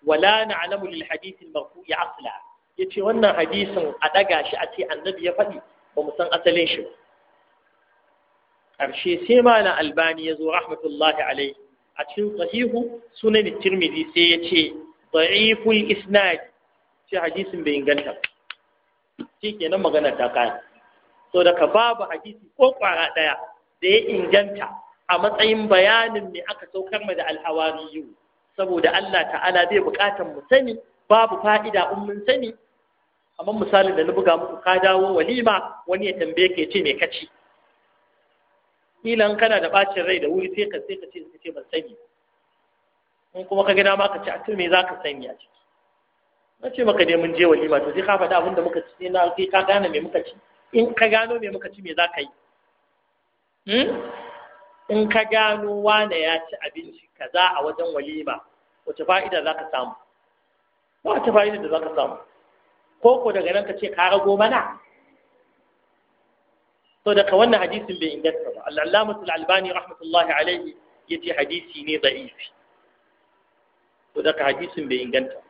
wala na'lamu lil hadith marfu ya asla ya ce wannan hadisin a daga shi a ce annabi ya faɗi ba mu san asalin shi ba ƙarshe sai malam albani ya zo rahmatullahi alaihi a cikin sahihu sunan tirmidhi sai ya ce da'iful isnad shi hadisin bai inganta shi kenan magana ta kai so daga babu hadisi ko kwara daya da ya inganta a matsayin bayanin me aka saukar mu da yi saboda Allah ta'ala zai bukatar mu sani babu fa'ida in mun sani amma misalin da na buga muku ka dawo walima wani ya tambaye ka ce me kaci ilan kana da bacin rai da wuri sai ka sai ka ce ka ce ban sani in kuma ka gina ma ka ce a me za sani a ciki na ce maka ne mun je walima to sai ka faɗa abinda muka ci sai na sai ka gane me muka ci in ka gano me muka ci me za ka yi hmm? in ka gano wane ya ci abinci kaza a wajen walima wace fa'ida za ka samu ba wace fa'ida da za ka samu ko ko daga nan ka ce ka rago mana to daga wannan hadisin bai inganta ba al albani rahmatullahi alaihi ya ce hadisi ne da'ifi to daga hadisin bai inganta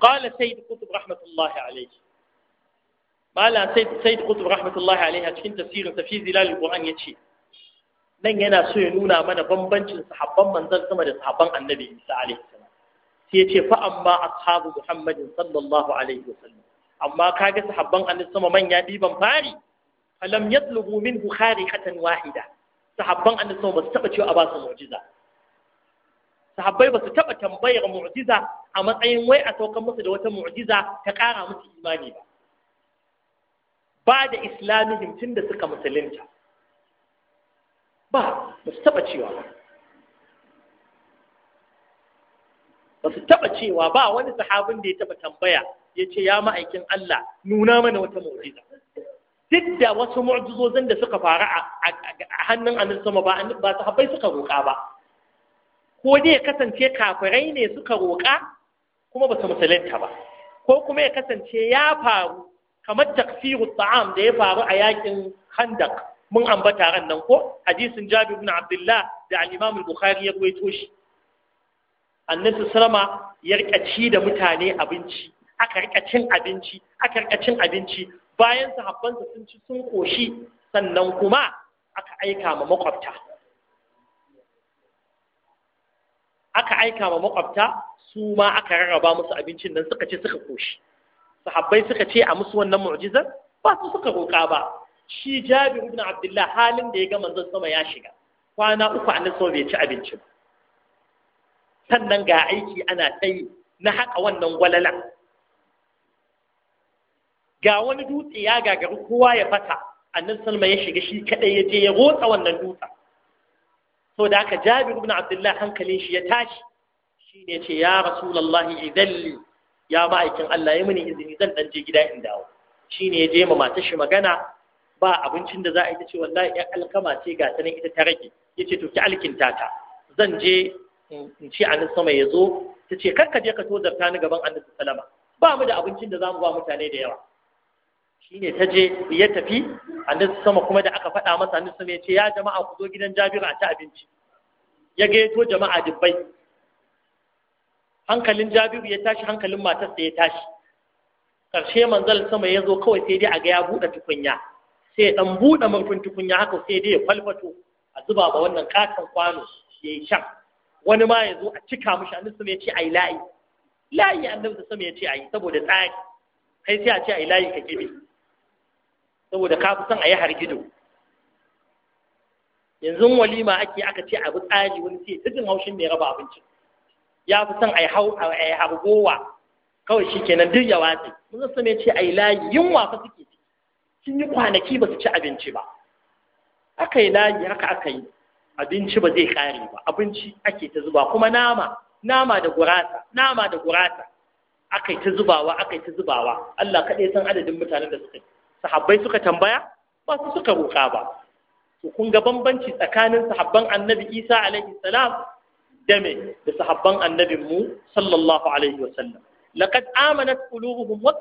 قال سيد قطب رحمة الله عليه قال سيد سيد قطب رحمة الله عليه cikin tafsirin tafi zilal alquran yace nan yana so ya nuna mana bambancin sahabban manzon sama da sahabban annabi Isa alaihi salam sai yace fa amma ashabu muhammadin sallallahu alaihi wasallam amma kaga sahabban annabi sama manya diban fari falam yatlubu minhu khariqatan wahida sahabban annabi sama ba su cewa a ba su mu'jiza sahabbai ba su taɓa tambayar mu'jiza a matsayin wai a saukan musu da wata mu'jiza ta ƙara musu imani ba ba da islamihim tun da suka musulunta ba ba su taɓa cewa ba ba su taɓa cewa ba wani sahabin da ya taɓa tambaya ya ce ya ma'aikin Allah nuna mana wata mu'jiza duk da wasu mu'jizozin da suka faru a hannun annabi sama ba ba sahabbai suka roƙa ba ko dai ya kasance kafirai ne suka roƙa kuma ba su musulunta ba ko kuma ya kasance ya faru kamar takfiru ta'am da ya faru a yakin handak mun ambata ran nan ko hadisin jabir ibn abdullah da al-imam al-bukhari ya ruwaito shi annabi sallama ya rika ci da mutane abinci aka rika cin abinci aka rika cin abinci bayan sahabbansa sun ci sun koshi sannan kuma aka aika ma makwabta aka aika ma makwabta su ma aka rarraba musu abincin nan suka ce suka koshi sahabbai suka ce a musu wannan mu'jiza ba su suka roƙa ba shi jabir ibn abdullah halin da ya ga manzon sama ya shiga kwana uku an so bai ci abinci sannan ga aiki ana tsaye na haka wannan gwalala ga wani dutse ya gagari kowa ya fata annabi salma ya shiga shi kadai ya je ya rotsa wannan dutsen so da haka jabi ibn abdullah hankalin shi ya tashi shi ne ce ya rasulullahi idalli ya ma'aikin Allah ya mini izini zan dan je gida in dawo shi ne ya je ma matar shi magana ba abincin da za a yi ta ce wallahi ya alkama ce ga ta nan ita ta rage ya ce to ki alkinta ta zan je in ci anan sama ya zo ta ce kar ka je ka tozarta ni gaban annabi sallama ba mu da abincin da za mu ba mutane da yawa shine ta je ya tafi a nan sama kuma da aka faɗa masa annabi sama ya ce ya jama'a ku zo gidan Jabiru a ci abinci ya gaito jama'a dubbai hankalin Jabiru ya tashi hankalin matarsa ya tashi ƙarshe manzal sama ya zo kawai sai dai a ga ya buɗe tukunya sai dan ɗan buɗe murfin tukunya haka sai dai ya kwalfato a zuba ba wannan katon kwano ya yi shan wani ma ya zo a cika mishi annabi sama ya ce ai layi layi annabi sama ya ce ai saboda tsari kai sai a ce ai layi ka kibi saboda ka fi son a yi hargido yanzu walima ake aka ce abu tsari wani ce ta haushin mai raba abinci, ya fi son a yi hargowa kawai shi kenan duk ya watsi mun zasa ne ce a yi layi yunwa fa suke ci sun yi kwanaki ba su ci abinci ba aka yi layi haka aka yi abinci ba zai kare ba abinci ake ta zuba kuma nama nama da gurasa nama da gurasa aka yi ta zubawa aka yi ta zubawa Allah kaɗai san adadin mutanen da suka yi sahabbai suka tambaya ba su suka roƙa ba to kun ga bambanci tsakanin sahabban annabi Isa alaihi salam da me da sahabban annabin mu sallallahu alaihi wa sallam laqad amanat qulubuhum wa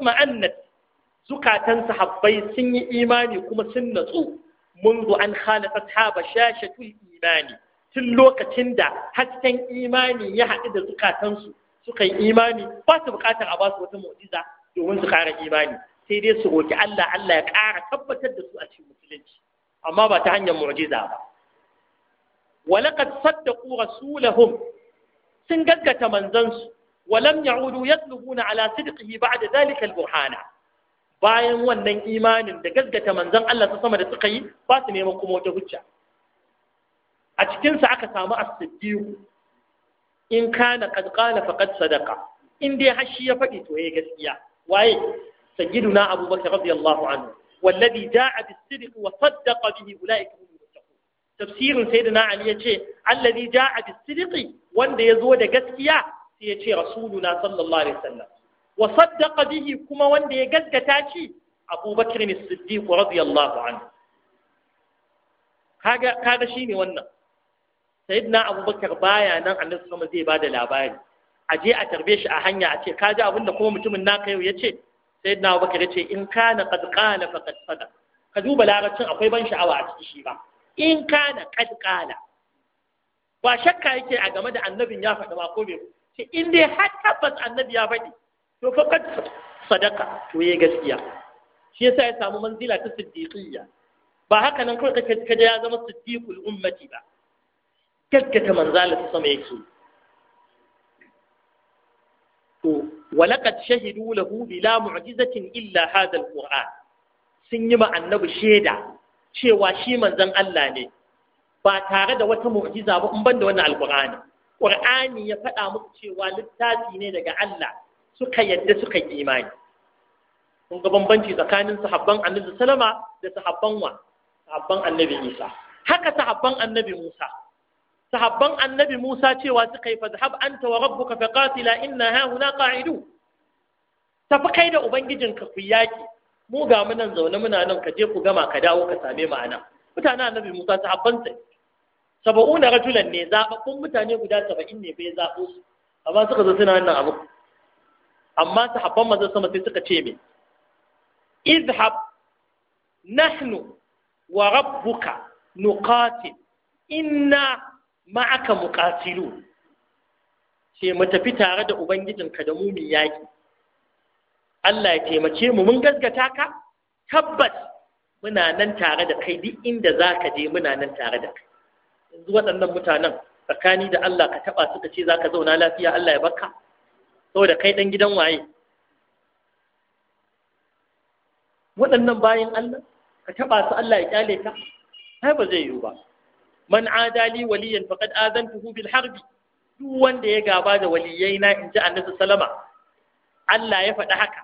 zukatan sahabbai sun yi imani kuma sun natsu منذ أن خالف أصحاب شاشة الإيمان تلوك تندى حتى إيماني يحدد زكاة تنسو سكي إيماني بات wata عباس وتمؤجزة su زكاة إيماني sai dai su roƙi Allah Allah ya ƙara tabbatar da su a cikin musulunci amma ba ta hanyar mu'jiza ba walaqad saddaqu rasulahum sun gaggata manzansu walam ya'udu yatlubuna ala sidqihi ba'da dhalika al-burhana bayan wannan imanin da gaggata manzon Allah ta sama da suka yi ba su neman kuma wata hujja a cikinsa aka samu as-siddiq in kana qad qala faqad sadaqa in dai har shi ya faɗi to yayi gaskiya waye سيدنا أبو بكر رضي الله عنه والذي جاء بالصدق وصدق به أولئك هم المتقون تفسير سيدنا علي يتشي الذي جاء بالصدق وان يزود قسكيا سيتشي رسولنا صلى الله عليه وسلم وصدق به كما وان يقسك تاشي أبو بكر الصديق رضي الله عنه هذا شيء وانا سيدنا أبو بكر بايا نعم عن نفسه زي بعد الأباري a je a tarbe shi a hanya a ce ka ji abin da kuma mutumin naka yau ya ce na abubakar ya ce in kana qad fa faqad ka duba larabcin akwai ban sha'awa a ciki shi ba in kana qad qala ba shakka yake a game da annabin ya faɗi ba ko bai ce in dai har tabbas annabi ya faɗi to kad sadaka to yayi gaskiya shi yasa ya samu manzila ta siddiqiyya ba haka nan kawai kake kaje ya zama siddiqul ummati ba gaggata manzala ta sama yake to ولقد شهدوا له بلا معجزة إلا sun yi سنما النبي shaida. cewa shi manzon Allah ne ba tare da wata mu'jiza ba in ban da wannan alqur'ani qur'ani ya faɗa muku cewa littafi ne daga Allah suka yadda suka yi imani kun ga bambanci tsakanin sahabban Annabi sallama da sahabban wa sahabban Isa haka sahabban Annabi Musa sahabban annabi Musa cewa suka yi fazhab anta wa rabbuka fa qatila inna ha huna qa'idu tafi kai da ubangijinka ku yaki mu ga mu nan zaune muna nan ka je ku gama ka dawo ka same mu anan mutanen annabi Musa sahabban sai saba'una rajulan ne zababbun mutane guda 70 ne bai zabo su amma suka zo suna wannan abu amma sahabban manzon sama sai suka ce me izhab nahnu wa rabbuka nuqatil inna ma'aka muƙatilu sai mu tafi tare da ubangijinka da mu yaƙi. Allah ya taimake mu mun gaskata ka tabbas muna nan tare da kai duk inda ka je muna nan tare da kai yanzu waɗannan mutanen tsakani da Allah ka taɓa suka ce za ka zauna lafiya Allah ya baka saboda kai ɗan gidan waye waɗannan bayan Allah ka taɓa su Allah ya ƙyale ka ai ba zai yiwu ba man adali waliyan faqad azantuhu bil harbi duk wanda ya gaba da waliyai na inji annabi salama. Allah ya faɗi haka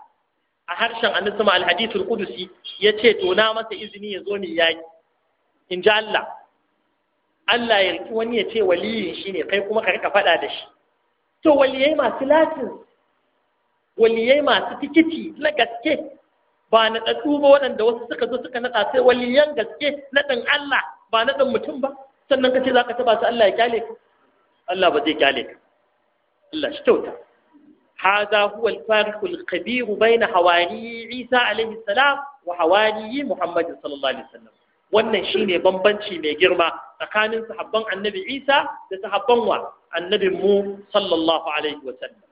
a harshen annabi al-hadith al-qudusi yace to na masa izini ya zo ni yaki inji Allah Allah ya riki wani ya ce waliyin shine kai kuma ka rika faɗa da shi to waliyai masu latin waliyai masu tikiti na gaske ba na tsatsu ba waɗanda wasu suka zo suka naɗa sai waliyan gaske naɗin Allah ba naɗin mutum ba sannan ka ce za ka taba su Allah ya kyale ka Allah ba zai kyale ka Allah shi kyauta هذا هو الفارق الكبير بين حواري عيسى عليه السلام وحواري محمد صلى الله عليه وسلم wannan shine bambanci mai girma tsakanin sahabban annabi Isa da sahabban wa annabin mu sallallahu alaihi wa sallam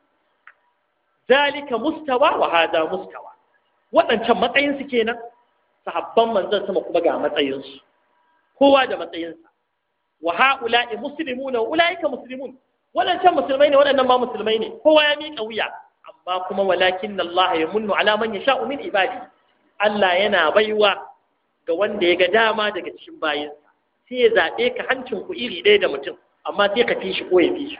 zalika mustawa wa hada mustawa Waɗancan matsayinsu kenan sahabban manzon sama kuma ga matsayinsu. kowa da matsayinsa. wa ha'ula'i muslimuna wa ulaika muslimun wadancan musulmai ne wadannan ma musulmai ne kowa ya miƙa wuya amma kuma walakin Allah ya munnu alaman ya yasha'u min ibadi Allah yana baiwa ga wanda ya ga dama daga cikin bayinsa sai ya zaɓe ka hancin ku iri ɗaya da mutum amma sai ka fi shi ko ya fi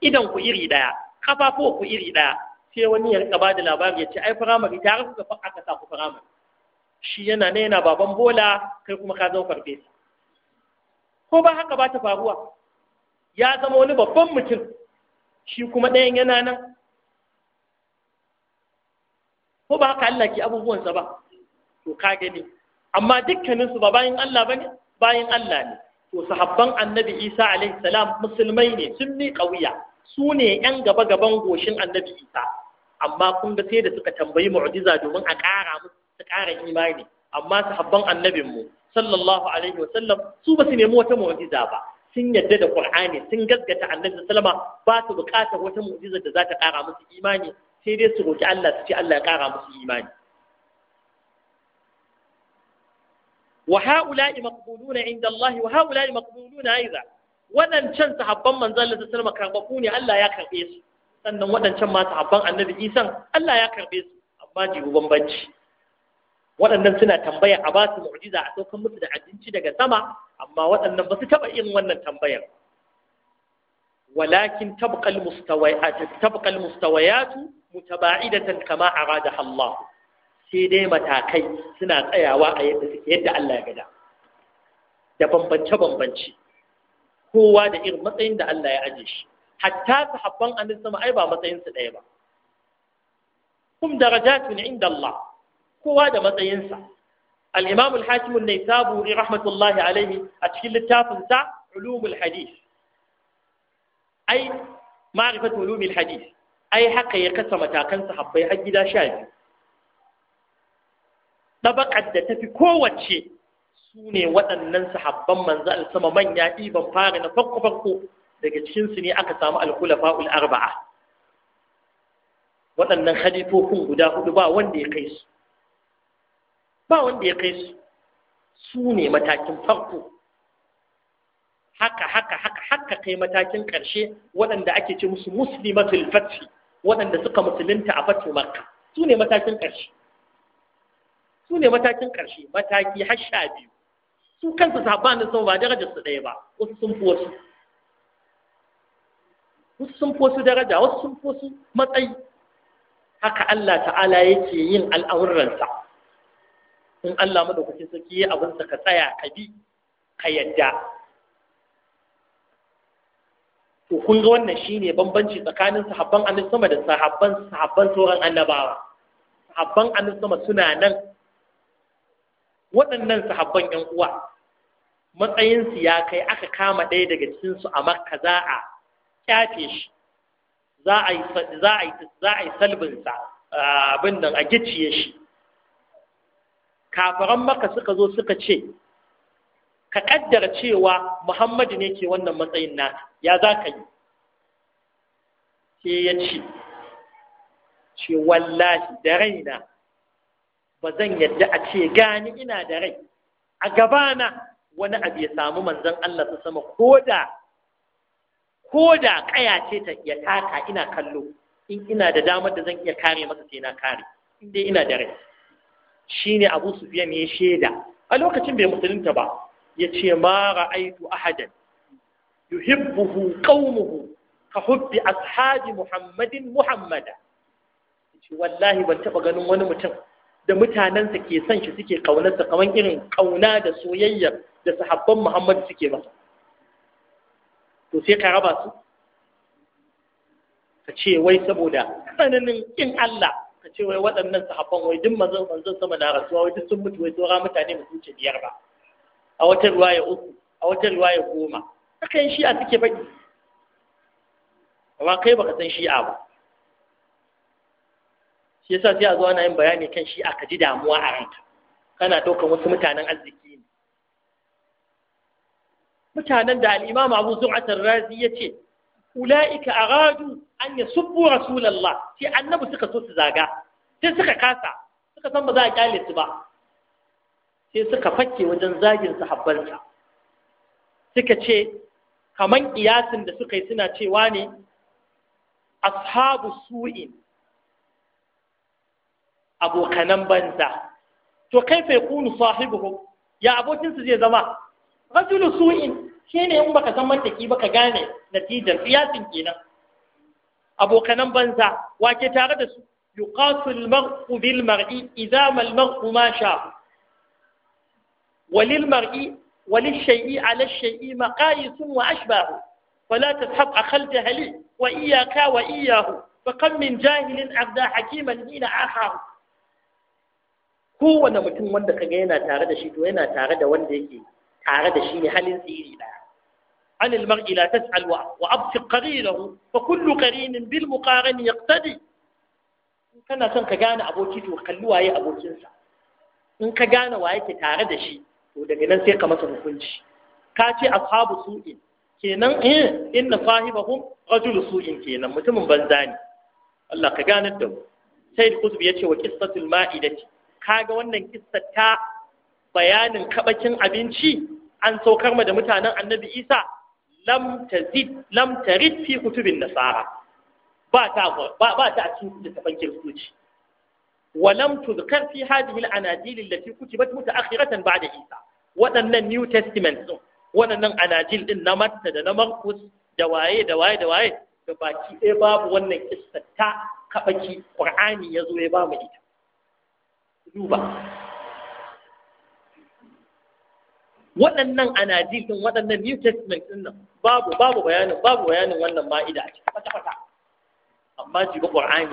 idan ku iri ɗaya kafafo ku iri ɗaya sai wani ya rika bada labari ya ce ai firamare ta rufe aka sa ku firamare shi yana na, yana baban bola kai kuma ka zama farfesa ko ba haka ba ta faruwa ya zama wani babban mutum shi kuma ɗayan yana nan ko ba haka Allah ke abubuwansa ba to ka gani amma dukkaninsu ba bayan Allah ba ne bayan Allah ne to sahabban annabi Isa alaihi salam musulmai ne sun ni kauya su ne yan gaba gaban goshin annabi Isa amma kun ga sai da suka tambayi mu'jiza domin a ƙara musu su ƙara imani amma sahabban annabin mu sallallahu alaihi wasallam su ba su nemi wata mu'jiza ba sun yadda da Qur'ani sun gaskata Annabi sallama ba su bukatar wata mu'jiza da za ta kara musu imani sai dai su roki Allah su ce Allah ya kara musu imani wa ha'ula'i maqbuluna 'inda Allah wa ha'ula'i maqbuluna aidan wadancan sahabban manzon Allah sallama karbaku ne Allah ya karbe su sannan wadancan ma sahabban Annabi isan Allah ya karbe su amma jibu bambanci waɗannan suna tambaya a ba su mu'jiza a saukan musu da abinci daga sama amma waɗannan ba su taɓa yin wannan tambayar walakin tabqal mustawayat tabqal mustawayat mutaba'idatan kama arada Allah sai dai matakai suna tsayawa a yadda suke yadda Allah ya gada da bambance bambance kowa da irin matsayin da Allah ya aje shi hatta sahabban annabi sama ai ba matsayin su ɗaya ba kum darajatun inda Allah kowa da matsayinsa al-imam al-hakim naisaburi rahmatullahi alaihi a cikin littafin sa ulumul hadith ai ma'rifatu ulumul hadith ai haka ya kasa matakan sahabbai har gida sha biyu Ɗabaƙar da tafi kowace su ne waɗannan sahabban manzo sama manya ɗiban fara na farko farko daga cikin ne aka samu al arba'a waɗannan hadithofin guda hudu ba wanda ya kai su ba wanda ya kai su su ne matakin farko haka haka haka haka kai matakin ƙarshe waɗanda ake ce musu muslimatul fathi waɗanda suka musulunta a fatu makka su ne matakin ƙarshe su ne matakin karshe mataki har sha biyu su kansu sabon da sau ba daraja su ɗaya ba wasu sun fi wasu wasu sun fi wasu daraja wasu sun fi wasu matsayi haka Allah ta'ala yake yin al'amuransa in Allah madaukakin sarki ya abin ka tsaya ka bi ka yadda to kun ga wannan shine bambanci tsakanin sahabban annabi sama da sahabban sahabban sauran annabawa sahabban annabi sama suna nan waɗannan sahabban ƴan uwa matsayinsu ya kai aka kama ɗaya daga cikinsu a makka za a kyafe shi za a yi salbinsa abin nan a gicciye shi kafaran maka suka zo suka ce ka kaddara cewa muhammadu ne ke wannan matsayin na ya za ka yi sai ya ce ce wallahi da raina ba zan yadda a ce gani ina da rai a gabana wani abu ya samu manzon Allah su sama koda koda kaya ce ta iya taka ina kallo in ina da damar da zan iya kare masa sai na kare in dai ina da rai shine Abu Sufyan ya sheda a lokacin bai musulunta ba yace ma ra'aitu ahadan yuhibbuhu qaumuhu ka hubbi ashabi Muhammadin Muhammada yace wallahi ban taba ganin wani mutum da mutanensa ke son shi suke kaunarsa kamar irin kauna da soyayya da sahabban Muhammadu suke masa to sai ka raba su ka ce wai saboda tsananin kin Allah ka ce wai waɗannan sahabban wai duk mazan manzon sama na rasuwa wai duk sun mutu wai tsora mutane ba su wuce biyar ba a wata ya uku a wata ya goma akan shi'a suke baƙi amma kai baka san shi'a ba shi yasa sai a zo ana yin bayani kan shi'a ka ji damuwa a ranka kana ɗaukar wasu mutanen arziki ne mutanen da al'imam abu zu'atar razi ya ce ula'ika aradu an yasubbu rasulullah sai annabi suka so su zaga sai suka kasa suka san ba za a kyale su ba sai suka fakke wajen zagin sahabbansa suka ce kaman kiyasin da suka yi suna cewa ne ashabu su'in abokanan banza to kai fa yakunu sahibuhu ya abokinsu zai zama rajulu su'in shi ne in baka san mantaki ba ka gane natijar siyasin kenan abokanan banza wake tare da su yuqatul mar'u bil mar'i idza mal mar'u ma sha walil mar'i walil shay'i ala shay'i maqayisun wa ashbahu فلا تسحب أخلتها لي وإياك وإياه فقم من جاهل أبدا حكيما حين آخاه kowane mutum wanda kaga yana tare da shi to yana tare da wanda yake tare da shi ne halin tsiri ɗaya عن المرء لا تسأل وأبصق قرينه فكل قرين بالمقارن يقتدي in kana son ka gane aboki to kalli waye abokinsa in ka gane waye ke tare da shi to daga nan sai ka masa hukunci ka ce ashabu su'in kenan eh inna sahibahum rajul su'in kenan mutumin banza ne Allah ka gane da mu sai wa wannan kissa ta bayanin kabakin abinci an saukar ma da mutanen annabi Isa lam tazid lam tarid fi kutubin nasara ba ta ba ba ta a cikin littafin kiristoci wa lam tuzkar fi hadhihi al-anajil allati kutibat mutaakhiratan ba'da isa waɗannan new testament din waɗannan anajil din na matta da na markus da waye da waye da waye da baki ɗaya babu wannan kissa ta kabaki qur'ani yazo ya ba mu ita duba waɗannan anadisin, waɗannan new testament din nan babu babu bayanin babu bayanin wannan ma'ida a cikin fata fata amma jiba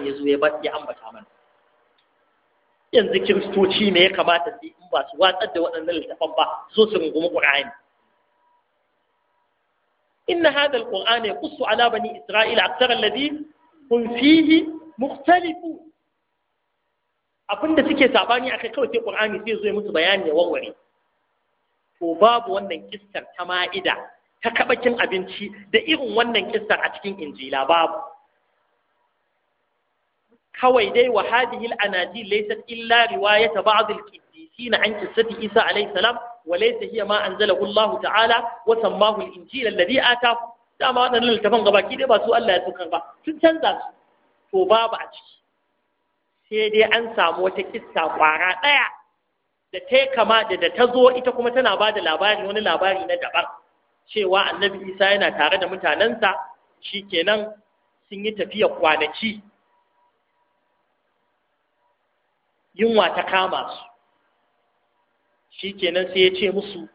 ya zo ya ba ya ambata mana yanzu kiristoci ne ya kamata su in ba su watsar da waɗannan littafan ba so su rungumi ƙur'ani. إن هذا القرآن يقص على بني إسرائيل أكثر الذي هم فيه مختلفون أبن da suke sabani akai kawai sai Qur'ani sai zo musu bayani ya warware to babu wannan kistar ta ma'ida ta kabakin abinci da irin wannan kistar a cikin injila babu kawai dai wa hadhihi al laysat illa riwayat ba'd al-qiddisin an qissati Isa alayhi salam wa laysa hiya ma anzalahu Allah ta'ala wa sammahu al-injil alladhi atahu dama waɗannan littafan gabaki dai ba su Allah ya saukar ba sun canza su to babu a ciki sai dai an samu wata kissa kwara ɗaya da ta kama da da ta zo ita kuma tana ba da labari wani labari na daban cewa annabi isa yana tare da mutanensa shi kenan sun yi tafiya kwanaki yunwa ta kama su shikenan sai ya ce musu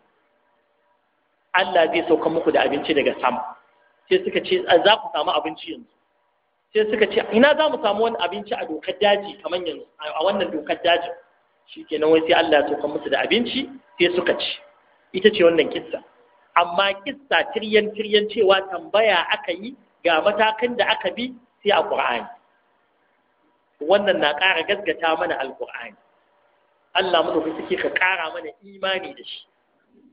Allah zai sauka muku da abinci daga sama sai suka ce za ku samu abinci yanzu sai suka ce ina za mu samu wani abinci a dokar daji kamar yanzu a wannan dokar dajin shikenan wai sai Allah ya soka musu da abinci sai suka ci ita ce wannan kissa amma kissa tiryan tiryan cewa tambaya aka yi ga matakan da aka bi sai a Qur'ani wannan na ƙara gasgata mana alƙur'ani Allah mu suke ka ƙara mana imani da shi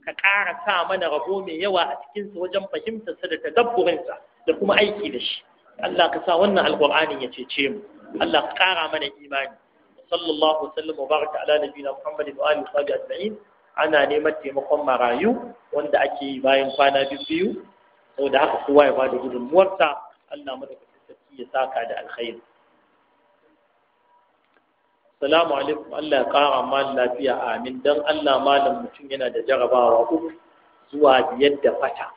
ka ƙara sa mana rabo mai yawa a cikinsa wajen fahimtarsa da sa, da kuma aiki da shi Allah ka sa wannan alƙur'ani ya cece mu Allah ka ƙara mana imani sallallahu wasallam wa baraka ala nabiyina muhammadin wa alihi wa ajma'in ana neman taimakon marayu wanda ake yi bayan kwana biyu saboda haka kowa ya bada gudunmuwarsa Allah madaukakin sarki ya saka da alkhairi Salamu alaikum Allah ya kara mal lafiya amin dan Allah malam mutum yana da jarabawa uku zuwa biyar da fata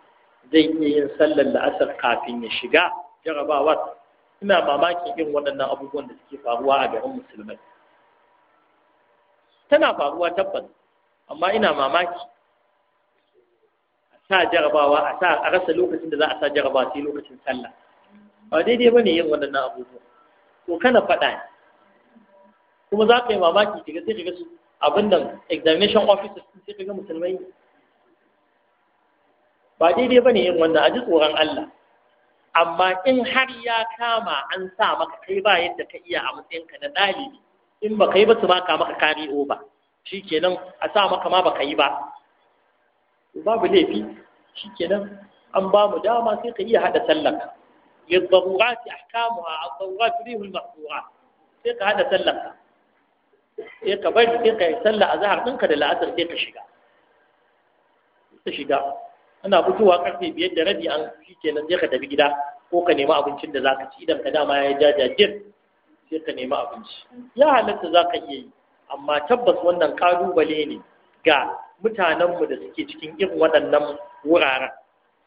zai iya yin sallar la'asar kafin ya shiga jarabawar ina mamakin irin waɗannan abubuwan da suke faruwa a garin musulmai tana faruwa tabbas amma ina mamaki a sa jarabawa a sa a rasa lokacin da za a sa jarabawa sai lokacin sallah ba daidai ba ne yin waɗannan abubuwa to kana faɗa ne kuma za ka yi mamaki daga sai ka su abin da examination officers sai ka ga musulmai ba daidai ba ne yin wannan a ji tsoron Allah amma in har ya kama an sa maka kai ba yadda ka iya a matsayinka na ɗalibi in ka yi ba su maka maka kari over shikenan a sa maka ma ka yi ba babu laifi shikenan an ba mu dama sai ka iya hada sallar a أحكامها ta rihun المحظورات sai ka hada ka. sai ka bari sai ka yi sallah a zahar ɗinka da la'asar sai ka shiga ka shiga ana fitowa karfe biyar da rabi an shi kenan sai ka tafi gida ko ka nemi abincin da za ka ci idan ka dama ya ja jajir sai ka nemi abinci ya halatta za ka iya yi amma tabbas wannan ƙalubale ne ga mutanenmu da suke cikin irin waɗannan wuraren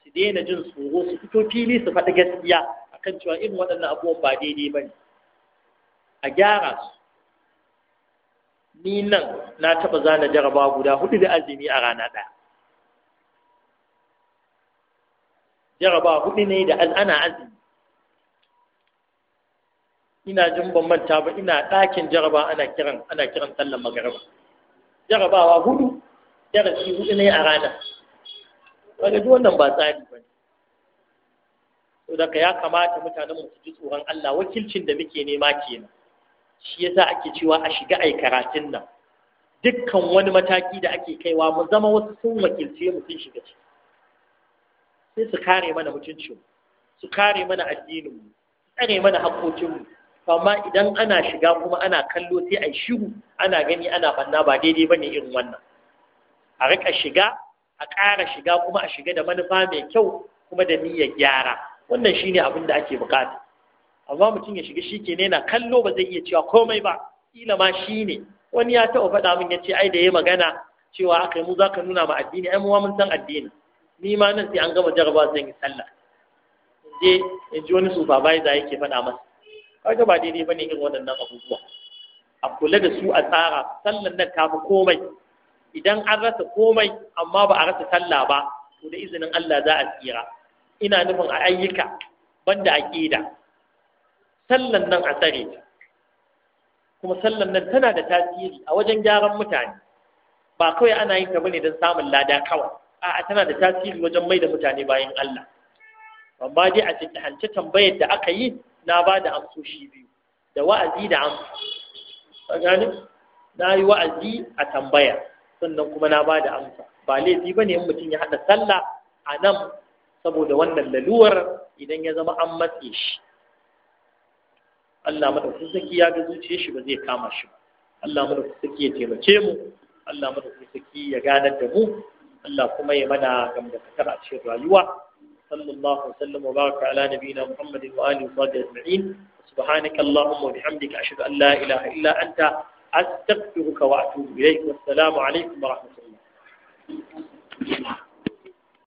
su daina jin tsoro su fito fili su faɗi gaskiya a kan cewa irin waɗannan abubuwan ba daidai ba ne a gyara su ni nan na taɓa zana jaraba guda hudu da azumi a rana ɗaya jaraba hudu ne da ana azumi ina jin ban manta ba ina ɗakin jaraba ana kiran ana kiran sallar magariba jarabawa hudu darasi hudu ne a rana wanda duk wannan ba tsari ba ne saboda ya kamata mutanen mu su ji tsoron Allah wakilcin da muke nema kenan shi yasa ake cewa a shiga ai karatun nan dukkan wani mataki da ake kaiwa mu zama wasu sun wakilce mu sun shiga ciki sai su kare mana mutuncin, su kare mana addininmu su kare mana mu amma idan ana shiga kuma ana kallo sai a shiru ana gani ana banna ba daidai ba ne irin wannan a rika shiga a ƙara shiga kuma a shiga da manufa mai kyau kuma da niyyar gyara wannan shine abin da ake bukata amma mutum ya shiga shi kenan yana kallo ba zai iya cewa komai ba kila ma shine wani ya taɓa faɗa min ya ce ai da ya magana cewa aka yi mu za ka nuna ma addini ai mu mun san addini ni ma nan sai an gama jarabawa zan yi sallah je in ji wani supervisor yake faɗa masa kaga ba daidai bane irin waɗannan abubuwa a kula da su a tsara sallar nan ta fi komai idan an rasa komai amma ba a rasa sallah ba to da izinin Allah za a tsira ina nufin a ayyuka banda aqida Sallar nan a tsare kuma sallar nan tana da tasiri a wajen gyaran mutane ba kawai ana yin ta bane don samun lada kawai a'a tana da tasiri wajen mai da mutane bayan Allah amma dai a cikin hance tambayar da aka yi na ba da amsoshi biyu da wa'azi da amsa ka na yi wa'azi a tambaya sannan kuma na ba da amsa ba laifi ba ne in mutum ya haɗa sallah a nan saboda wannan laluwar idan ya zama an matse shi Allah madaukakin saki ya ga zuciyar shi ba zai kama shi ba Allah madaukakin saki ya taimake mu Allah madaukakin saki ya ganar da mu Allah kuma ya mana gamdakatar a cikin rayuwa صلى الله وسلم وبارك على نبينا محمد وآله وصحبه أجمعين سبحانك اللهم وبحمدك أشهد أن لا إله إلا أنت أستغفرك وأتوب إليك والسلام عليكم ورحمة الله